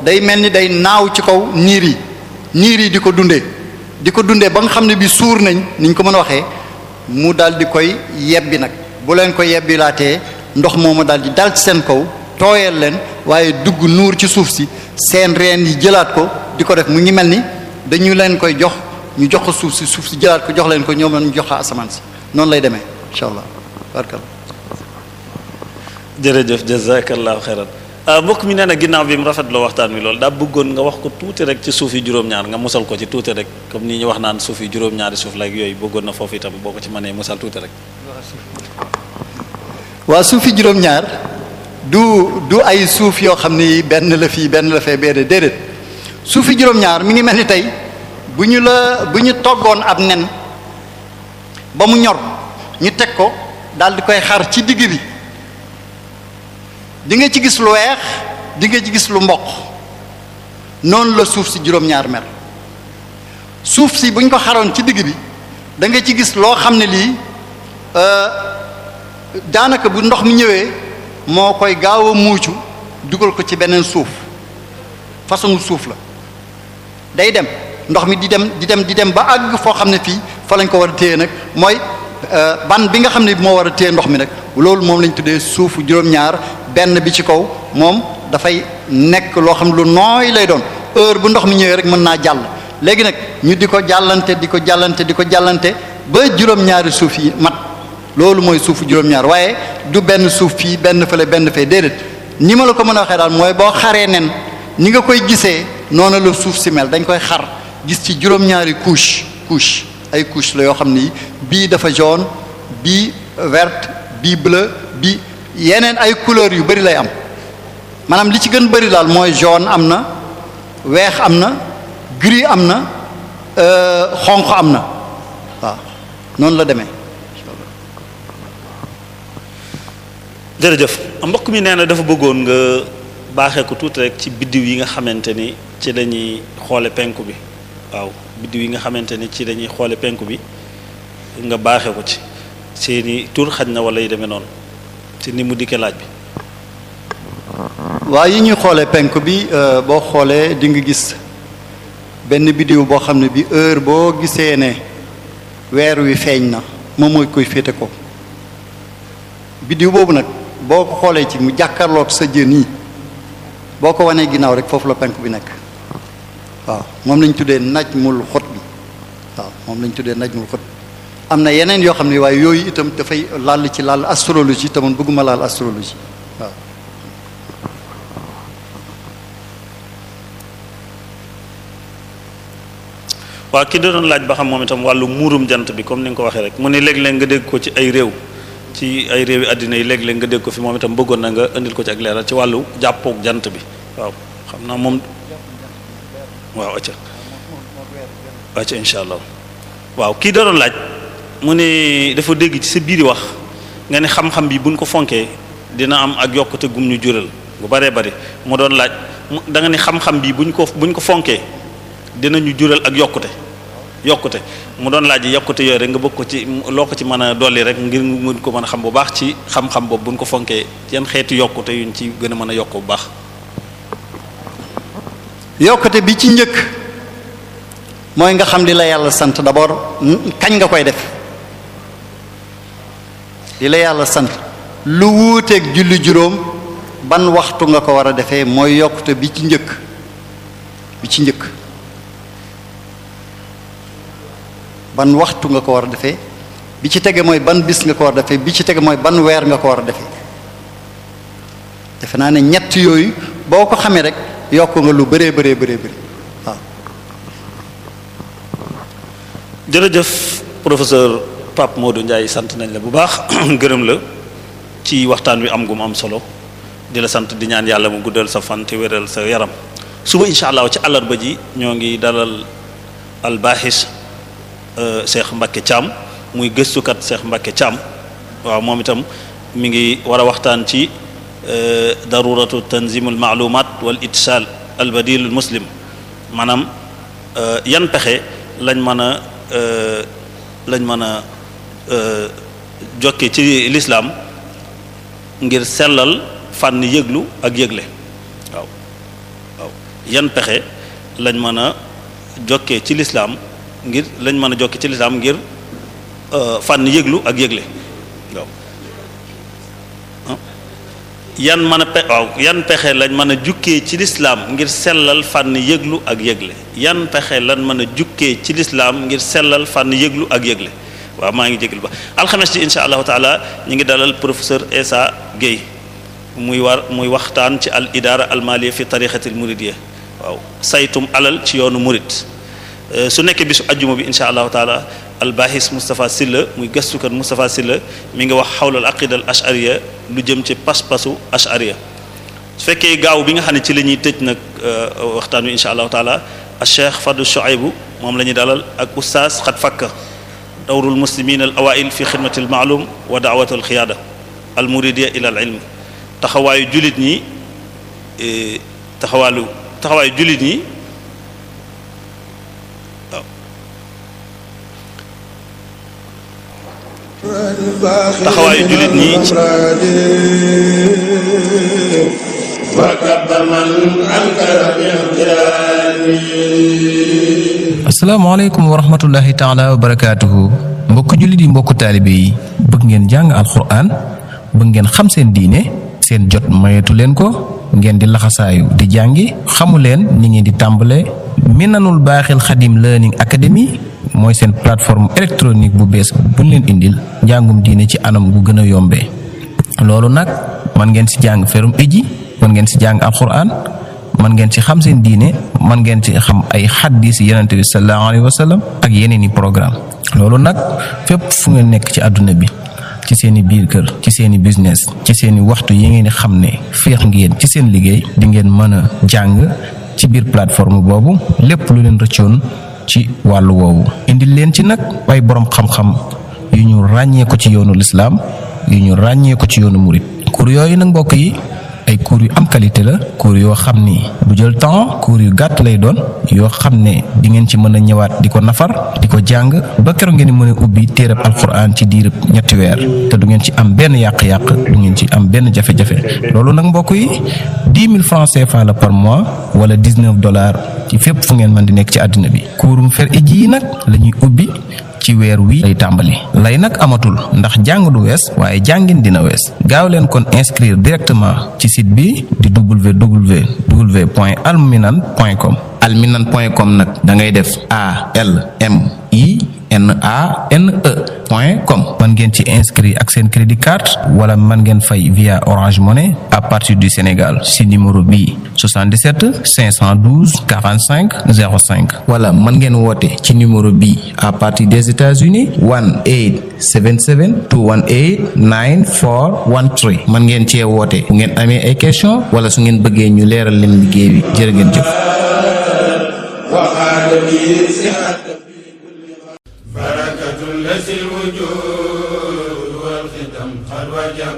S3: day mel ni day naaw ci kaw niir yi niir yi di ko dundee. di ko dundee ba nga xam ne bi suur nañ ni ñu ko mën a waxee mu daal di koy yebbi nag bu leen ko yebbi laatee ndox moomu daal di dal ci seen kaw tooyal leen waaye dugg nuur ci suuf si seen reen yi jëlaat ko di ko def mu ngi mel ni dañu leen koy jox ñu jox ko suuf si suuf si jëlaat ko jox leen ko ñoom ñu jox ko asamaan si noonu lay demee incha allah barkal
S2: jërëjëf jazakallahu xeyran Euh, mbokk mi nee na ginnaaw bi mu rafetloo waxtaan wi loolu daa bëggoon nga wax ko tuuti rek ci suuf yi juróom-ñaar nga musal ko ci tuuti rek comme ni ñu wax naan suuf yi juróom-ñaari suuf la ak yooyu bëggoon na foofu itam boo
S3: waa suuf yi juróom-ñaar du du ay suuf yoo xam ni benn la fii benn la fee benn déedéet suuf yi juróom-ñaar mi ngi mel ni tey bu ñu la bu ñu toggoon ab nen ba mu ñor ñu teg ko daal di koy xar ci digg bi. dinga ci gis lu weex di nga ci gis lu mboq noonu la suuf si juróom-ñaar mel suuf si buñ ko xaroon ci digg bi da nga ci gis loo xam ne lii euh, daanaka bu ndox mi ñëwee moo koy gaaw a muucu dugal ko ci beneen suuf façon suuf la day dem ndox mi di dem di dem di dem ba àgg foo xam ne fii fa lañ ko war a téye nag mooy euh, ban bi nga xam ne moo war a téye ndox mi nag loolu moom lañ tuddee suufu juróom-ñaar benn bi ci kaw moom dafay nekk loo xam lu nooy lay doon heure bu ndox mi ñëwee rek mën naa jàll léegi nag ñu di ko jàllante di ko jàllante di ko jàllante ba juróom-ñaari suuf yi mat loolu mooy suuf juróom-ñaar waaye du benn suuf fii benn fële benn fee déedéet ni ma la ko mën a waxee daal mooy boo xaree nen ni nga koy gisee noonu la suuf si mel dañ koy xar gis ci juróom-ñaari couche couche ay couche la yoo xam ni bii dafa jaune bii verte bii bleu bii yeneen ay couleurs yu bari lay am maanaam li ci gën bari daal mooy jaune am na weex am na gris am na euh, xonq am na waaw noonu la demee.
S2: jërëjëf mbokk mi nee na dafa bëggoon nga baaxee ko tuuti rek ci biddiw yi nga xamante ni ci lañuy xoole penku bi waaw biddiw yi nga xamante ni ci lañuy xoole penku bi nga baaxee ko ci seeni tur xaj na wala yi demee noonu. ci ni mu dikkee laaj bi
S3: waaw yi ñuy xoolee penk bi euh, boo xoolee di nga gis benn biddiw boo xam ne bi heure boo gisee ne weer wi feeñ na moom mooy koy féete ko biddiw boobu nag boo ko xoolee ci mu jàkkarloog sa jën yi boo ko wanee ginnaaw rek foofu la penk bi nekk waaw moom lañ tuddee najmul xot bi waaw moom lañ tuddee najmul xot am na yeneen yoo xam ne waaye yooyu itam dafay laal ci laal astrologie te man bëgguma laal astrologie waaw.
S2: waaw ki doon laaj ba xam moom itam wàllu muurum jant bi comme ni nga ko waxee rek mu ne léeg-léeg nga dégg ko ci ay réew ci ay réew yi àddina yi léeg-léeg nga dégg ko fi moom itam bëggoon na nga indil ko ci ak leeral ci wàllu jàppook jant bi waaw xam naa moom waaw acca acca incha allah waaw kii doon laaj mu ne dafa dégg ci sa biir yi wax nga ne xam-xam bi buñ ko fonkee dina am ak yokkute gum ñu jural bu baree bari mu doon laaj da nga ne xam-xam bi buñ ko buñ ko fonkee dina ñu jural ak yokkute yokkute mu doon laaj yokkute yooyu rek nga bëgg ko ci loo ci mën a dolli rek ngir mën ko mën a xam bu baax ci xam boobu buñ ko fonkee yan xeetu yokkute yuñ ci gën a mën a yokk bu baax. yokkute bi ci njëkk
S3: mooy nga xam li la yàlla sant d'abord kañ nga koy def. yi la yàlla sant lu wuuteeg julli juróom ban waxtu nga ko war a defee mooy yokkute bi ci njëkk bi ci njëkk ban waxtu nga ko war a defee bi ci tegee mooy ban bis nga ko war a defee bi ci tege mooy ban weer nga ko war a defee defe naa ne ñett yooyu boo ko xamee rek yokk nga lu bëree bëree bëree bëri
S2: waaw Pape Modou Ndiaye sant nañ la bu baax gërëm la ci waxtaan wi am gu mu am solo di la sant di ñaan yàlla mu guddal sa fan te wéral sa yaram suba incha allah ci àllarba ji ñoo ngi dalal albahis euh, Cheikh Mbacke Thiam muy gëstukat Cheikh Mbacke Thiam waaw moom itam mu ngi war a waxtaan ci euh, daruratu tanzimul maalumat wal ittisal al badilul muslim maanaam euh, yan pexe lañ mën a lañ mën a Euh, jokke ci lislaam ngir sellal fànn yëglu ak yëgle waaw waaw yan pexe lañ mën a jokkee ci lislaam ngir lañ mën a jokke ci lislaam ngir euh, fànn yëglu ak yëgle waaw yan mën a pe waaw yan pexe lañ mën a jukkee ci lislaam ngir sellal fànn yëglu ak yëgle yan pexe lañ mën a jukkee ci lislaam ngir sellal fànn yëglu ak yëgle waaw maa ngi jégalu ba alxames ci incha allahu taala ñu ngi dalal professeur Essa Guèye muy war muy waxtaan ci al idaara al maliya fi tariqatil muridiyya waaw saytum alal ci yoonu murid euh, su nekkee bisu ajjuma bi incha allahu taala albahis Moustapha Silla muy gëstukat Moustapha Silla mi ngi wax xawlal aqida al ashariya lu jëm ci pas-pasu ashariya su fekkee gaaw bi nga xam ne ci la ñuy tëj nag euh, waxtaan wi incha allahu taala a cheikh Fadou Chouaibou moom la ñuy dalal ak oustaz xat fakka dawrul muslimin al awail fi xidmati al maalum wa daawatu al xiyaada al muridiya ila al ilmi taxawaayu jullit ñi taxawaalu taxawaayu jullit ñi waaw taxawaayu jullit ñi ci
S6: asalaamaaleykum wa rahmatullahi taala wa barakaatuhu mbokk jullit yi mbokk taalibe yi bëgg ngeen jàng alxuraan bëgg ngeen xam seen diine seen jot mayetu leen ko ngeen di laxasaayu di jàngi xamu leen ni ngeen di tàmbale minanul baaxil xadim learning academy mooy seen plateforme électronique bu bees buñ leen indil njàngum diine ci anam gu gën a yombee loolu nag man ngeen si jàng ferum iji mën ngeen ci jàng alxuraan man ngeen ci xam seen diine man ngeen ci xam ay xaddis yonent bi sallallahu alayhi wa sallam ak yeneen i programme loolu nag fépp fu ngeen nekk ci àdduna bi ci seen i biir kër ci seen i business ci seeni waxtu yi ngeen di xam ne féex ngeen ci seen liggéey di ngeen mën a jàng ci biir plateforme boobu lépp lu leen rëccoon ci wàll woowu indil leen ci nag ay borom xam-xam yu ñu ràññeeku ci yoonu lislaam yu ñu ràññeeku ci yoonu murit kur yooyu nag mbokk yi ay cours yu am qualité la cours yoo xam ni bu jël temps cours yu gàtt lay doon yoo xam ne di ngeen ci mën a ñëwaat di ko nafar di ko jàng ba keroog ngeen mën a ubbi téereb alquran ci diirëb ñetti weer te du ngeen ci am benn yàq-yàq du ngeen ci am benn jafe-jafe loolu nag mbokk yi dix mille francs CFA la par mois wala dix neuf dollars ci fépp fu ngeen mën di nekk ci àddina bi. kuurum fer iji yi nag lañuy ubbi ci weer wii lay tàmbali lay nag amatul ndax jàng du wees waaye jàngin dina wees gaaw leen kon inscrire directement ci site bi di www point alminan point com alminan point com nag da ngay def a l m i NANE point com mën ngeen ci inscrit ak seen crédit card wala man ngeen fay via Orange Money à partir du Sénégal si numéro bii 77 512 45 05 wala man ngeen woote ci numéro bii à partir des États-Unis 1-877 218 9413 mën ngeen cee woote bu ngeen amee ay question wala su ngeen bëggee ñu leeral leen liggéey bi jërë ngeen jëf
S7: bokk الوجود والختم قد وجب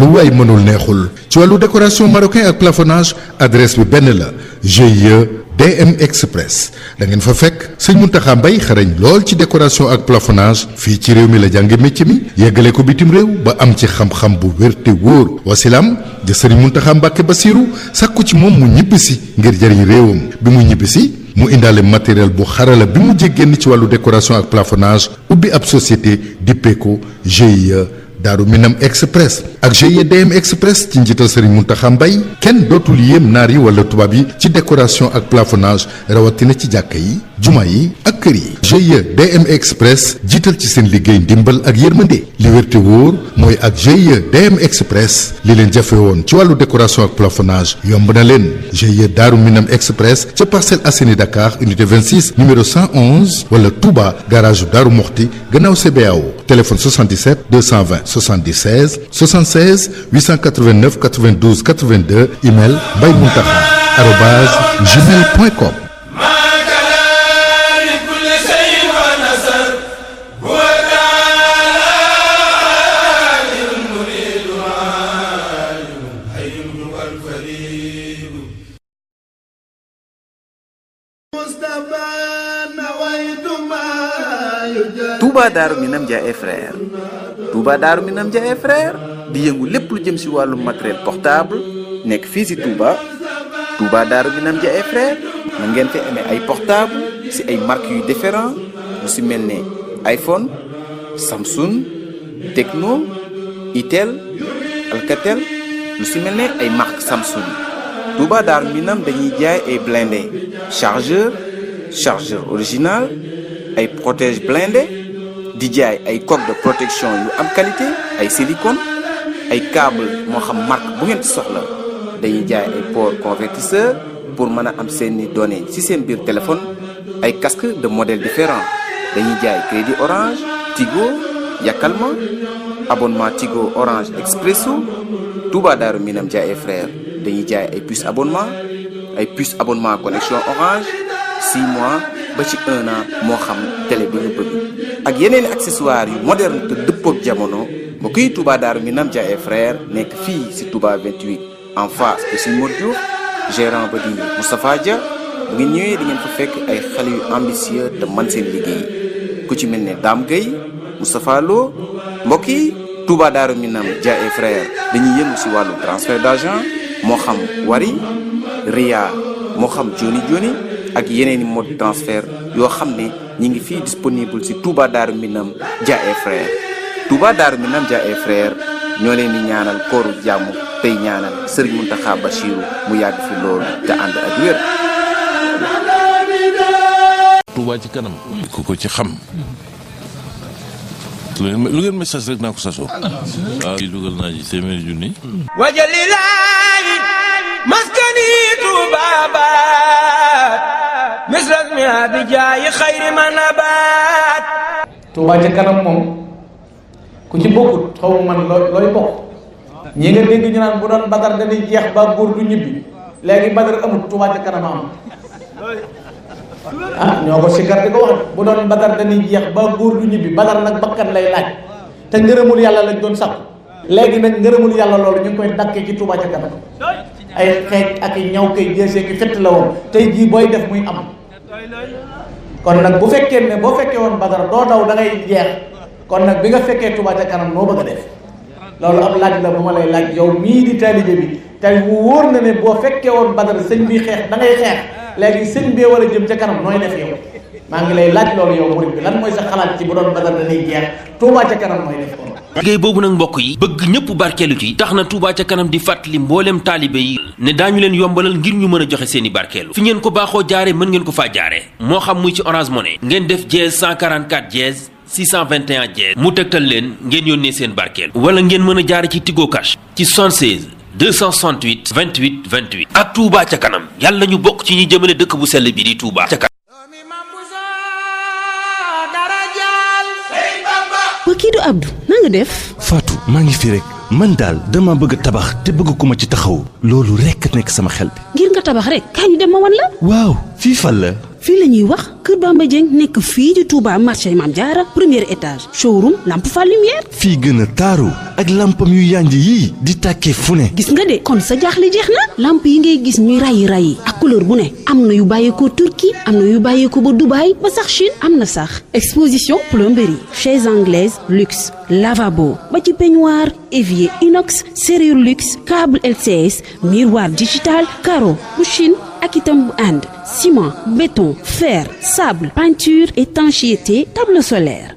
S8: lu waay mënul neexul ci wàllu décoration marocain ak plafonnage adresse bi benn la GIE DM Express dangeen fa fekk sëñ Mountakha Mbaye xarañ lool ci décoration ak plafonnage fii ci réew mi la jànge métier mi yeggale ko bitim réew ba am ci xam-xam bu wér te wóor wasilaam ja sëriñ Mountakha Mbacke Bassirou sàkku ci moom mu ñibbisi ngir jëriñ réewam bi mu ñibbisi mu indaale matériel bu xarala bi mu génn ci wàllu décoration ak plafonnage ubbi ab société dippee ko GIE Daaru Minam Express ak GIEDM Express ci njiital Serigne Mountakha Mbaye kenn dootul yéem naar yi wala tubaab yi ci décoration ak plafonnage rawatina ci jàkk yi juma yi kër yi GIE DM Express jiital ci seen liggéey ndimbal ak yërmande li wér te mooy ak GIE m Express li leen jafe woon ci wàllu décoration ak plafonnage yomb na leen GIE Daaru Minam Express ca Parcelles Assainies Dakar unité 26 numéro 111 wala Touba garage Daaru Moxti gannaaw CBAO téléphone 77 220 76 76 889 92 82 email mbay muntaxa arobase gmail point com
S6: Touba Darou Minam Dia et frères Touba Darou Minam di yëngu lépp lu jëm ci wàllu matériel portable nekk fii si Touba Touba Darou Minam Dia et frères na ngeen fi amee ay portable ci ay marques yu différent lu si mel ne iPhone Samsung Tecno Itel Alcatel lu si mel ne ay marques Samsung Touba Darou Minam dañuy jaay ay blindé chargeur chargeur original ay protège blindé di jaay ay coque de protection yu am qualité ay silicon ay câble moo xam marque bu ngeen ci soxla dañuy jaay ay port convertisseur pour mën a am seeni données si seen biir téléphone ay casque de modèles différents dañuy jaay crédit orange Tigo Yakalma abonnement Tigo orange expresso Touba Daaru Minam Ndiaye frère dañuy jaay ay puce abonnement ay puce abonnement connexion orange 6 mois ba ci 1 an moo xam télé bi bëgg ak yeneen accessoires yu moderne te dëppook jamono mbokk yi Touba Darou Minam Dia et frère nekk fii si Touba 28 en face de si Modou Diouf gérant ba di Moustapha Dia bu ngeen ñëwee di ngeen fekk ay xale yu ambitieux te man seen liggéey ku ci mel ne Dame Gueye Moustapha Lo mbokk yi Touba Darou Minam Dia et frère dañuy yëngu si wàllu transfert d'argent moo xam Wari Ria moo xam Joni Joni ak yeneen i mode yoo xam ne. ñi ngi fii disponible ci Touba Darou Minam Dia et Frères Touba Darou Minam Dia ñoo leen di ñaanal kooru jàmm tey ñaanal Serigne Mountakha Bachirou mu yàgg fi loolu te ànd ak wér. Touba ci kanam.
S7: ku ko ci xam. lu ngeen message rek naa ko sasoo.
S6: waaw.
S7: Ah, dugal naa ci téeméeri junni.
S6: wajalilaayi. mi bi jaayi xayri ma nabaat Tuubaa ca kanam moom ku ci bokkut xaw man looy looy bokk ñi nga dégg ñu naan bu doon badar dañuy jeex ba góor du ñibbi léegi badar amut Tuubaa ca kanam am ah ñoo ko sikar bu doon badar dañuy jeex ba góor du ñibbi badar nag bakkan lay laaj te ngërëmul yàlla lañ doon sax léegi nag ngërëmul yàlla loolu ñu ngi koy dakkee ci Tuubaa ca kanam ay xeej ak ñaw koy jeesee ki fett la woon tey jii booy def muy am kon nag bu fekkee ne boo fekkee woon badar doo daw da ngay jeex kon nag bi nga fekkee Touba ca kanam noo bëgg a def loolu ab laaj la bu ma lay laaj yow mii di taalibe bi te mu wóor na ne boo fekkee woon badar sëñ bi xeex da ngay xeex léegi sëñ bee war a jëm ca kanam nooy def yow maa ngi lay laaj loolu yow murid bi lan mooy sa xalaat ci bu doon badar dañuy jeex Touba ca kanam mooy def ko
S7: liggéey boobu nag mbokk yi bëgg ñëpp barkeelu ci tax na Touba ca kanam di fàttali mbooleem taalibe yi ne daañu leen yombalal ngir ñu mën a joxe seen i barkeelu fi ngeen ko baaxoo jaare mën ngeen ko faa jaare moo xam muy ci Orange Money ngeen def dièse 144 dièse 621 dièse mu tegtal leen ngeen yónnee seen barkeelu wala ngeen mën a jaare ci Tigo Cash ci 76 268 28 28 ak Touba ca kanam yàlla ñu bokk ci ñi jëmale dëkk bu sell bi di Touba ca kanam
S4: kii du Abdou na def. Fatou
S7: maa ngi fi rek man daal dama bëgg tabax te bëgg ku ma ci taxaw loolu rek nekk sama xel
S4: ngir nga tabax rek kaay dem ma wan la.
S7: waaw fii fan la.
S4: fii la ñuy wax Kër Bamba nekk fii ci Touba marché Mame Diarra première étage showroom lampe fa lumière.
S8: fii gën a taaru ak lampam yu yànj yii di tàkkee fu ne.
S4: gis nga de kon sa jaaxle jeex na lamp yi ngay gis ñuy rayi rayi ak couleur bu ne am na yu bàyyeekoo Turquie am na yu bàyyeekoo ba Dubaï ba sax Chine am na sax exposition plomberie chaise anglaise luxe lavabo ba ci peignoir évier inox serrure luxe câble LCS miroir digital carreau bu Chine. ak itam bu ànd ciment béton fer sable peinture étanchéité table solaire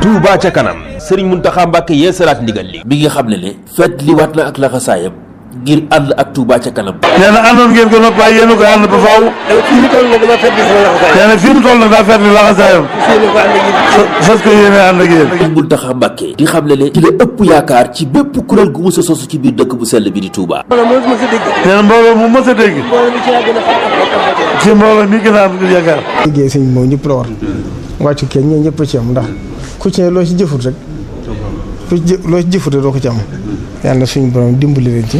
S7: Touba ca kanam sëriñ Muntaxa Mbàkke yee salaat ndigal li bi nga xam ne ni feet li waat na ak laxasaayam ngir ànd ak Touba ca kanam
S2: nee na àndoon ngeen ko nag waaye a ko ànd ba fii mu toll nag daa fetli nee
S7: na fii mu toll nag daa fetli laxasaayam fas ko yéene ànd ak yéen sëriñ Muntaxa Mbàkke di xam ne ne ci la ëpp yaakaar ci bépp kuréel gu mës ci biir dëkk bu sell bi di Touba nee
S6: na mbooloo mu mës dégg ci mbooloo mi gën a am yaakaar liggéey sëñ moom ñëpp la war wàccu kenn ñëpp ci am ndax ku ci loo ci jëfut rek ku ci loo ci jëfut doo ko ci am yàlla suñu borom dimbali leen ci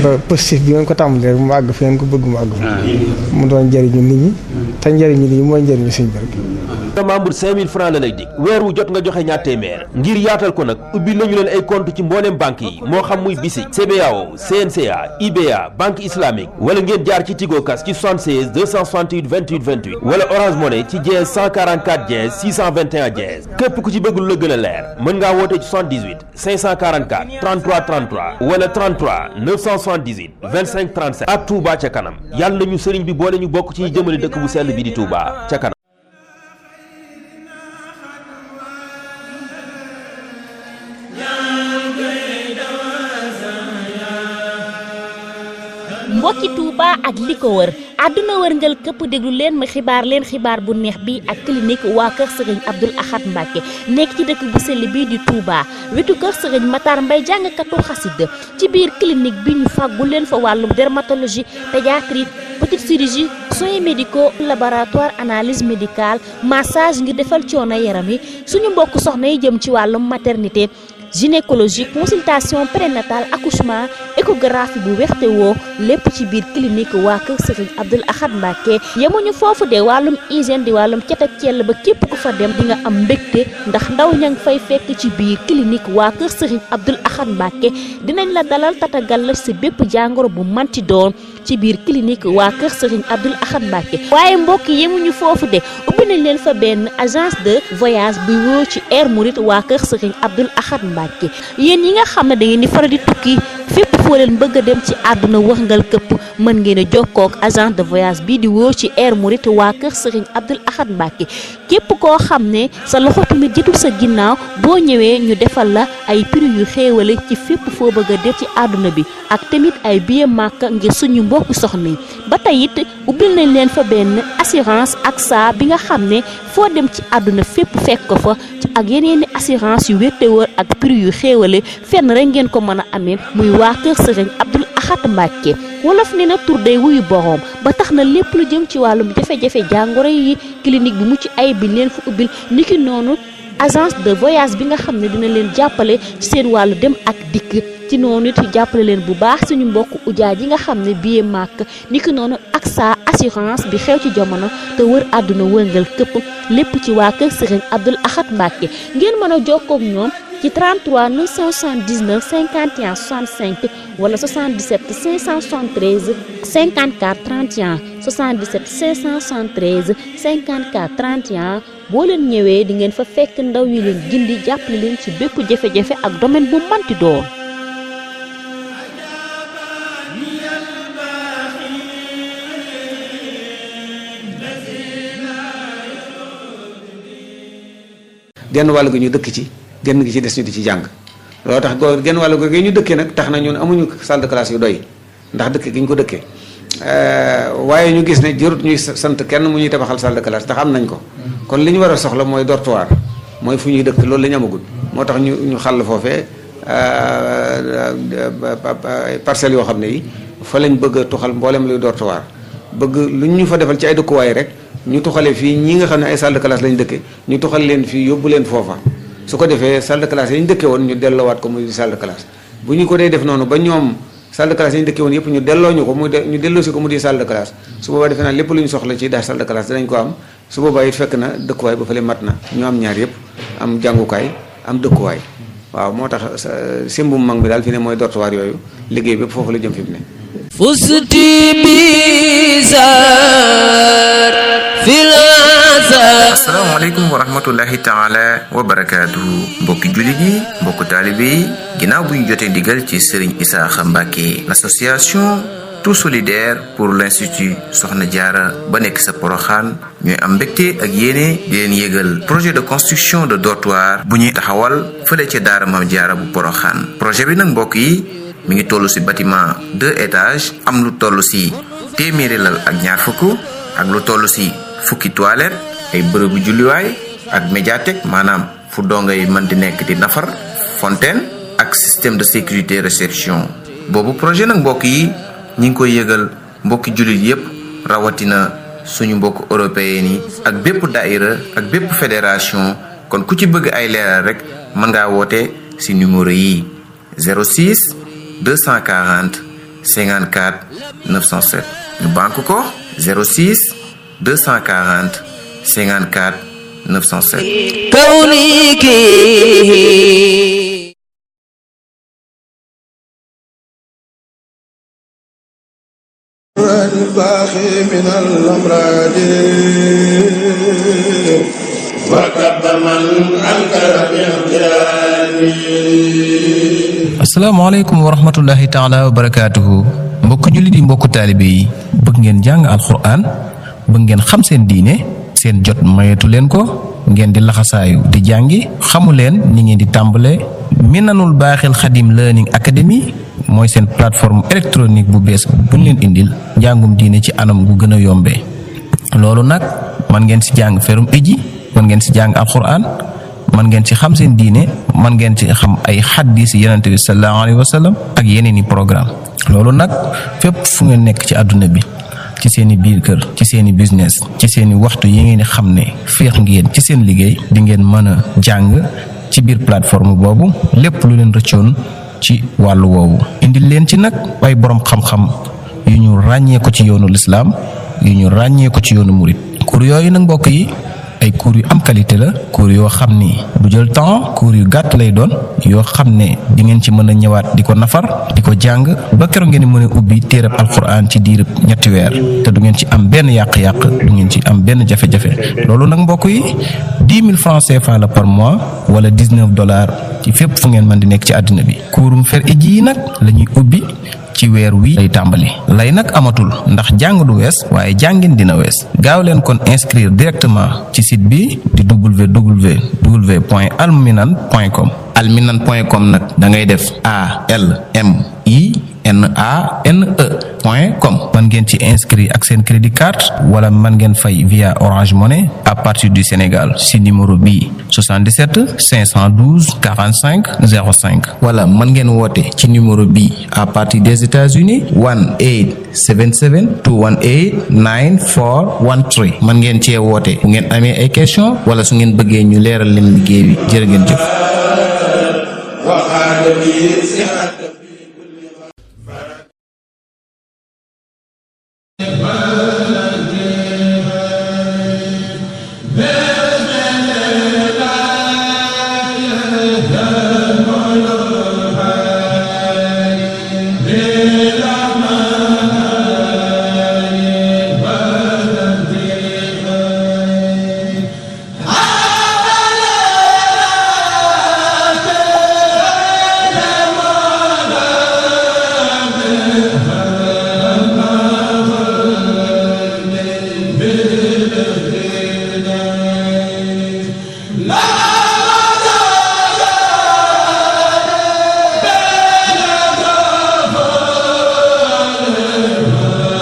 S6: ba positif bi ngeen ko tàmbali rek mu àgg fi ngeen ko bëgg mu àgg fa mu doon jëriñu nit ñi te njëriñu nit ñi mooy njëriñu suñu borom
S7: sa membre 5000 francs la lay dig weer wu jot nga joxe ñaar téeméer ngir yaatal ko nag ubbi nañu leen ay compte ci mbooleem banque yi moo xam muy BICI CBAO CNCA IBA banque islamique wala ngeen jaar ci Tigo Cash ci 76 268 28 28 wala Orange Money ci dièse 144 dièse 621 dièse képp ku ci bëgg lu la gën a leer mën ngaa woote ci 78 wala ak Touba ca kanam yàlla ñu sëriñ bi boole ñu bokk ci jëmale dëkk bu sell bi di Touba ca kanam mbokki
S9: Touba ak li ko wër àdduna wërngal këpp déglu leen ma xibaar leen xibaar bu neex bi ak clinique waa kër sëriñ Abdoul Ahad Mbacke nekk ci dëkk bu sell bi di Touba wetu kër sëriñ Matar Mbay jàngkatu xasida ci biir clinique bi ñu fàggu leen fa wàllum dermatologie pédiatrie petite chirurgie soins médicaux laboratoire analyse médicale massage ngir defal coono yaram yi suñu mbokk soxna yi jëm ci wàllum maternité gynécologie consultation prénatale accouchement échographie bu wexte woo lépp ci biir clinique waa kër Serigne Abdoul Ahad Mbacké yemuñu foofu de wàllum hygiène di wàllum cet ak cell ba képp ku fa dem di nga am mbégte ndax ndaw ña ngi fay fekk ci biir clinique waa kër Serigne Abdoul Ahad Mbacké dinañ la dalal tatagal si bépp jàngoro bu manti doon ci biir clinique waa kër Serigne Abdoul Ahad Mbacké waaye mbokk yemuñu foofu de ubbi nañ leen fa benn agence de voyage buy ci air waa kër Mbàkke yéen yi nga xam ne da ngeen di faral di tukki fépp foo leen bëgg a dem ci àdduna wërngal këpp mën ngeen jokkook agent de voyage bii di woo ci Air Mouride waa kër Serigne Abdoul Ahad Mbacke képp koo xam ne sa loxo tamit jotul sa ginnaaw boo ñëwee ñu defal la ay prix yu xéewale ci fépp foo bëgg a dem ci àdduna bi ak tamit ay billet Makka ngir suñu mbokku soxna ba tey it ubbil nañ leen fa benn assurance ak saa bi nga xam ne foo dem ci àdduna fépp fekk ko fa mbir yu xéewale fenn rek ngeen ko mën a amee muy waa kër sëriñ Abdul Ahad Mbàkke wolof ne na tur wuyu boroom ba tax na lépp lu jëm ci wàllu jafe-jafe jàngoro yi clinique bi mucc ay bi leen fu ubbil niki noonu agence de voyage bi nga xam ne dina leen jàppale ci seen wàllu dem ak dikk ci noonu it jàppale leen bu baax suñu mbokk ujaa ji nga xam ne billet màkk niki noonu ak sa assurance bi xew ci jamono te wër àdduna wërngal këpp lépp ci waa kër Serigne Abdoul Ahad Mbacke ngeen mën a jokkoog ñoom ci 33 979 51 65 wala 77 573 54 31 77 573 54 31 boo leen ñëwee di ngeen fa fekk ndaw yi leen gindi jàppale leen ci bépp jafe-jafe ak domaine bu manti doon
S6: genn wàll gi ñu dëkk ci genn gi ci des ñu di ci jàng loolu tax goo genn wàll gi ñu dëkkee nag tax nañu ñun amuñu salle de classe yu doy ndax dëkk gi ñu ko dëkkee euh, waaye ñu gis ne jërut ñuy sant kenn mu ñuy tabaxal salle de classe am nañ ko kon li ñu war a soxla mooy dortoir mooy fu ñuy dëkk loolu la ñu amagul moo tax ñu ñu xàll foofee euh, euh, parcelles yoo xam ne yi fa lañ bëgg a tuxal mbooleem luy dortoir bëgg lu ñu fa defal ci ay dëkkuwaay rek ñu tuxale fii ñi nga xam ne ay salle de classe dëkke ñu tuxal leen fii yóbbu leen foofa su ko defee salle de classe yi ñu dëkke woon ñu delloowaat ko muy salle de classe bu ko dee def noonu ba ñoom salle de classe yi ñu dëkke woon ñu ko muy ñu delloosi ko mu di salle de classe su defe naa lépp lu ñu soxla ci daal salle de classe dinañ ko am su boobaa it fekk na dëkkuwaay ba fële mat na ñu am ñaar yëpp am jàngukaay am dëkkuwaay waaw moo tax simbum mag mi daal fi ne mooy dortoir yooyu liggéey bépp foofu la jëm fi mu ne fusti bizar
S4: fil asalaamaaleykum
S6: wa rahmatullahi taala wa barakaatuhu mbokki jullit yi mbokku taalibe yi ginnaaw bu ñu jotee digal ci Serigne Isaaxa Mbàkke l'association tout solidaire pour l'institut Soxna Jaara ba nekk sa poroxaan ñooy am mbégte ak yéene di leen yégal projet de construction de dortoir bu ñuy taxawal fële ca daara Maam Jaara bu poroxaan projet bi nag mbokk yi mi ngi toll ci bâtiment deux étages am lu toll ci téeméeri lal ak ñaar fukk ak lu toll ci fukki toilette ay bërëbu julliwaay ak médiathèque maanaam fu dongo yi mën di nekk di nafar fontaine ak système de sécurité réception boobu projet nag mbokk ñi ngi koy yëgal mbokki jullit yépp rawatina suñu mbokk européen yi ak bépp daïra ak bépp fédération kon ku ci bëgg ay leeral rek mën ngaa woote ci numéro yi 06 240 54 907 ñu banque ko 06 240 54 907
S4: kawni kii الباقي من الأمراض وكب من أنكر
S6: wa rahmatullahi mbokk jullit yi mbokk taalibe yi bëgg ngeen jàng alxuraan bëgg ngeen xam seen diine seen jot mayetu leen ko ngeen di laxasaayu di jàngi xamu leen ni ngeen di tàmbale minanul baaxil xadim learning mooy seen plateforme électronique bu bees buñ leen indil njàngum diine ci anam gu gën a yombee loolu nag man ngeen si jàng ferum iji man ngeen si jàng alquran man ngeen ci xam seen diine man ngeen ci xam ay xaddis yonent bi sallallahu alayhi wa sallam ak yeneen i programme loolu nag fépp fu ngeen nekk ci àdduna bi ci seen i biir kër ci seen i business ci seen i waxtu yi ngeen xam ne féex ngeen ci seen liggéey di ngeen mën a jàng ci biir plateforme boobu lépp lu leen rëccoon ci wàllu woowu indil leen ci nag ay boroom xam-xam yu ñu ràññee ko ci yoonu lislaam yu ñu ràññee ko ci yoonu murit kur yooyu nag mbokk yi ay cours yu am qualité la cours yoo xam ni bu jël temps cours yu gàtt lay doon yoo xam ne dingeen ci mën a ñëwaat di ko nafar di ko jàng ba keroog ngeen mën a ubbi téereb alquran ci diirub ñetti weer te du ngeen ci am benn yàq-yàq du ngeen ci am benn jafe-jafe loolu nag mbokk yi dix mille francs CFA la par mois wala dix neuf dollars ci fépp fu ngeen mën di nekk ci àddina bi. kuurum fer iji yi nag lañuy ubbi. ci weer wi lay tàmbali lay nag amatul ndax jàng du wees waaye jàngin dina wees gaaw leen kon inscrire directement ci site bi di www point alminan point com alminan point com nag da ngay def a l m i nane point com man ngeen ci inscrit ak seen crédit card wala man ngeen fay via Orange Money à partir du Sénégal si numéro bii 77 512 45 05 wala man ngeen woote ci numéro bii à partir des États-Unis 1-877 218 9413 man ngeen cee woote bu ngeen amee ay question wala su ngeen bëggee ñu leeral
S4: leen liggéey bi jërë ngeen jëf Amen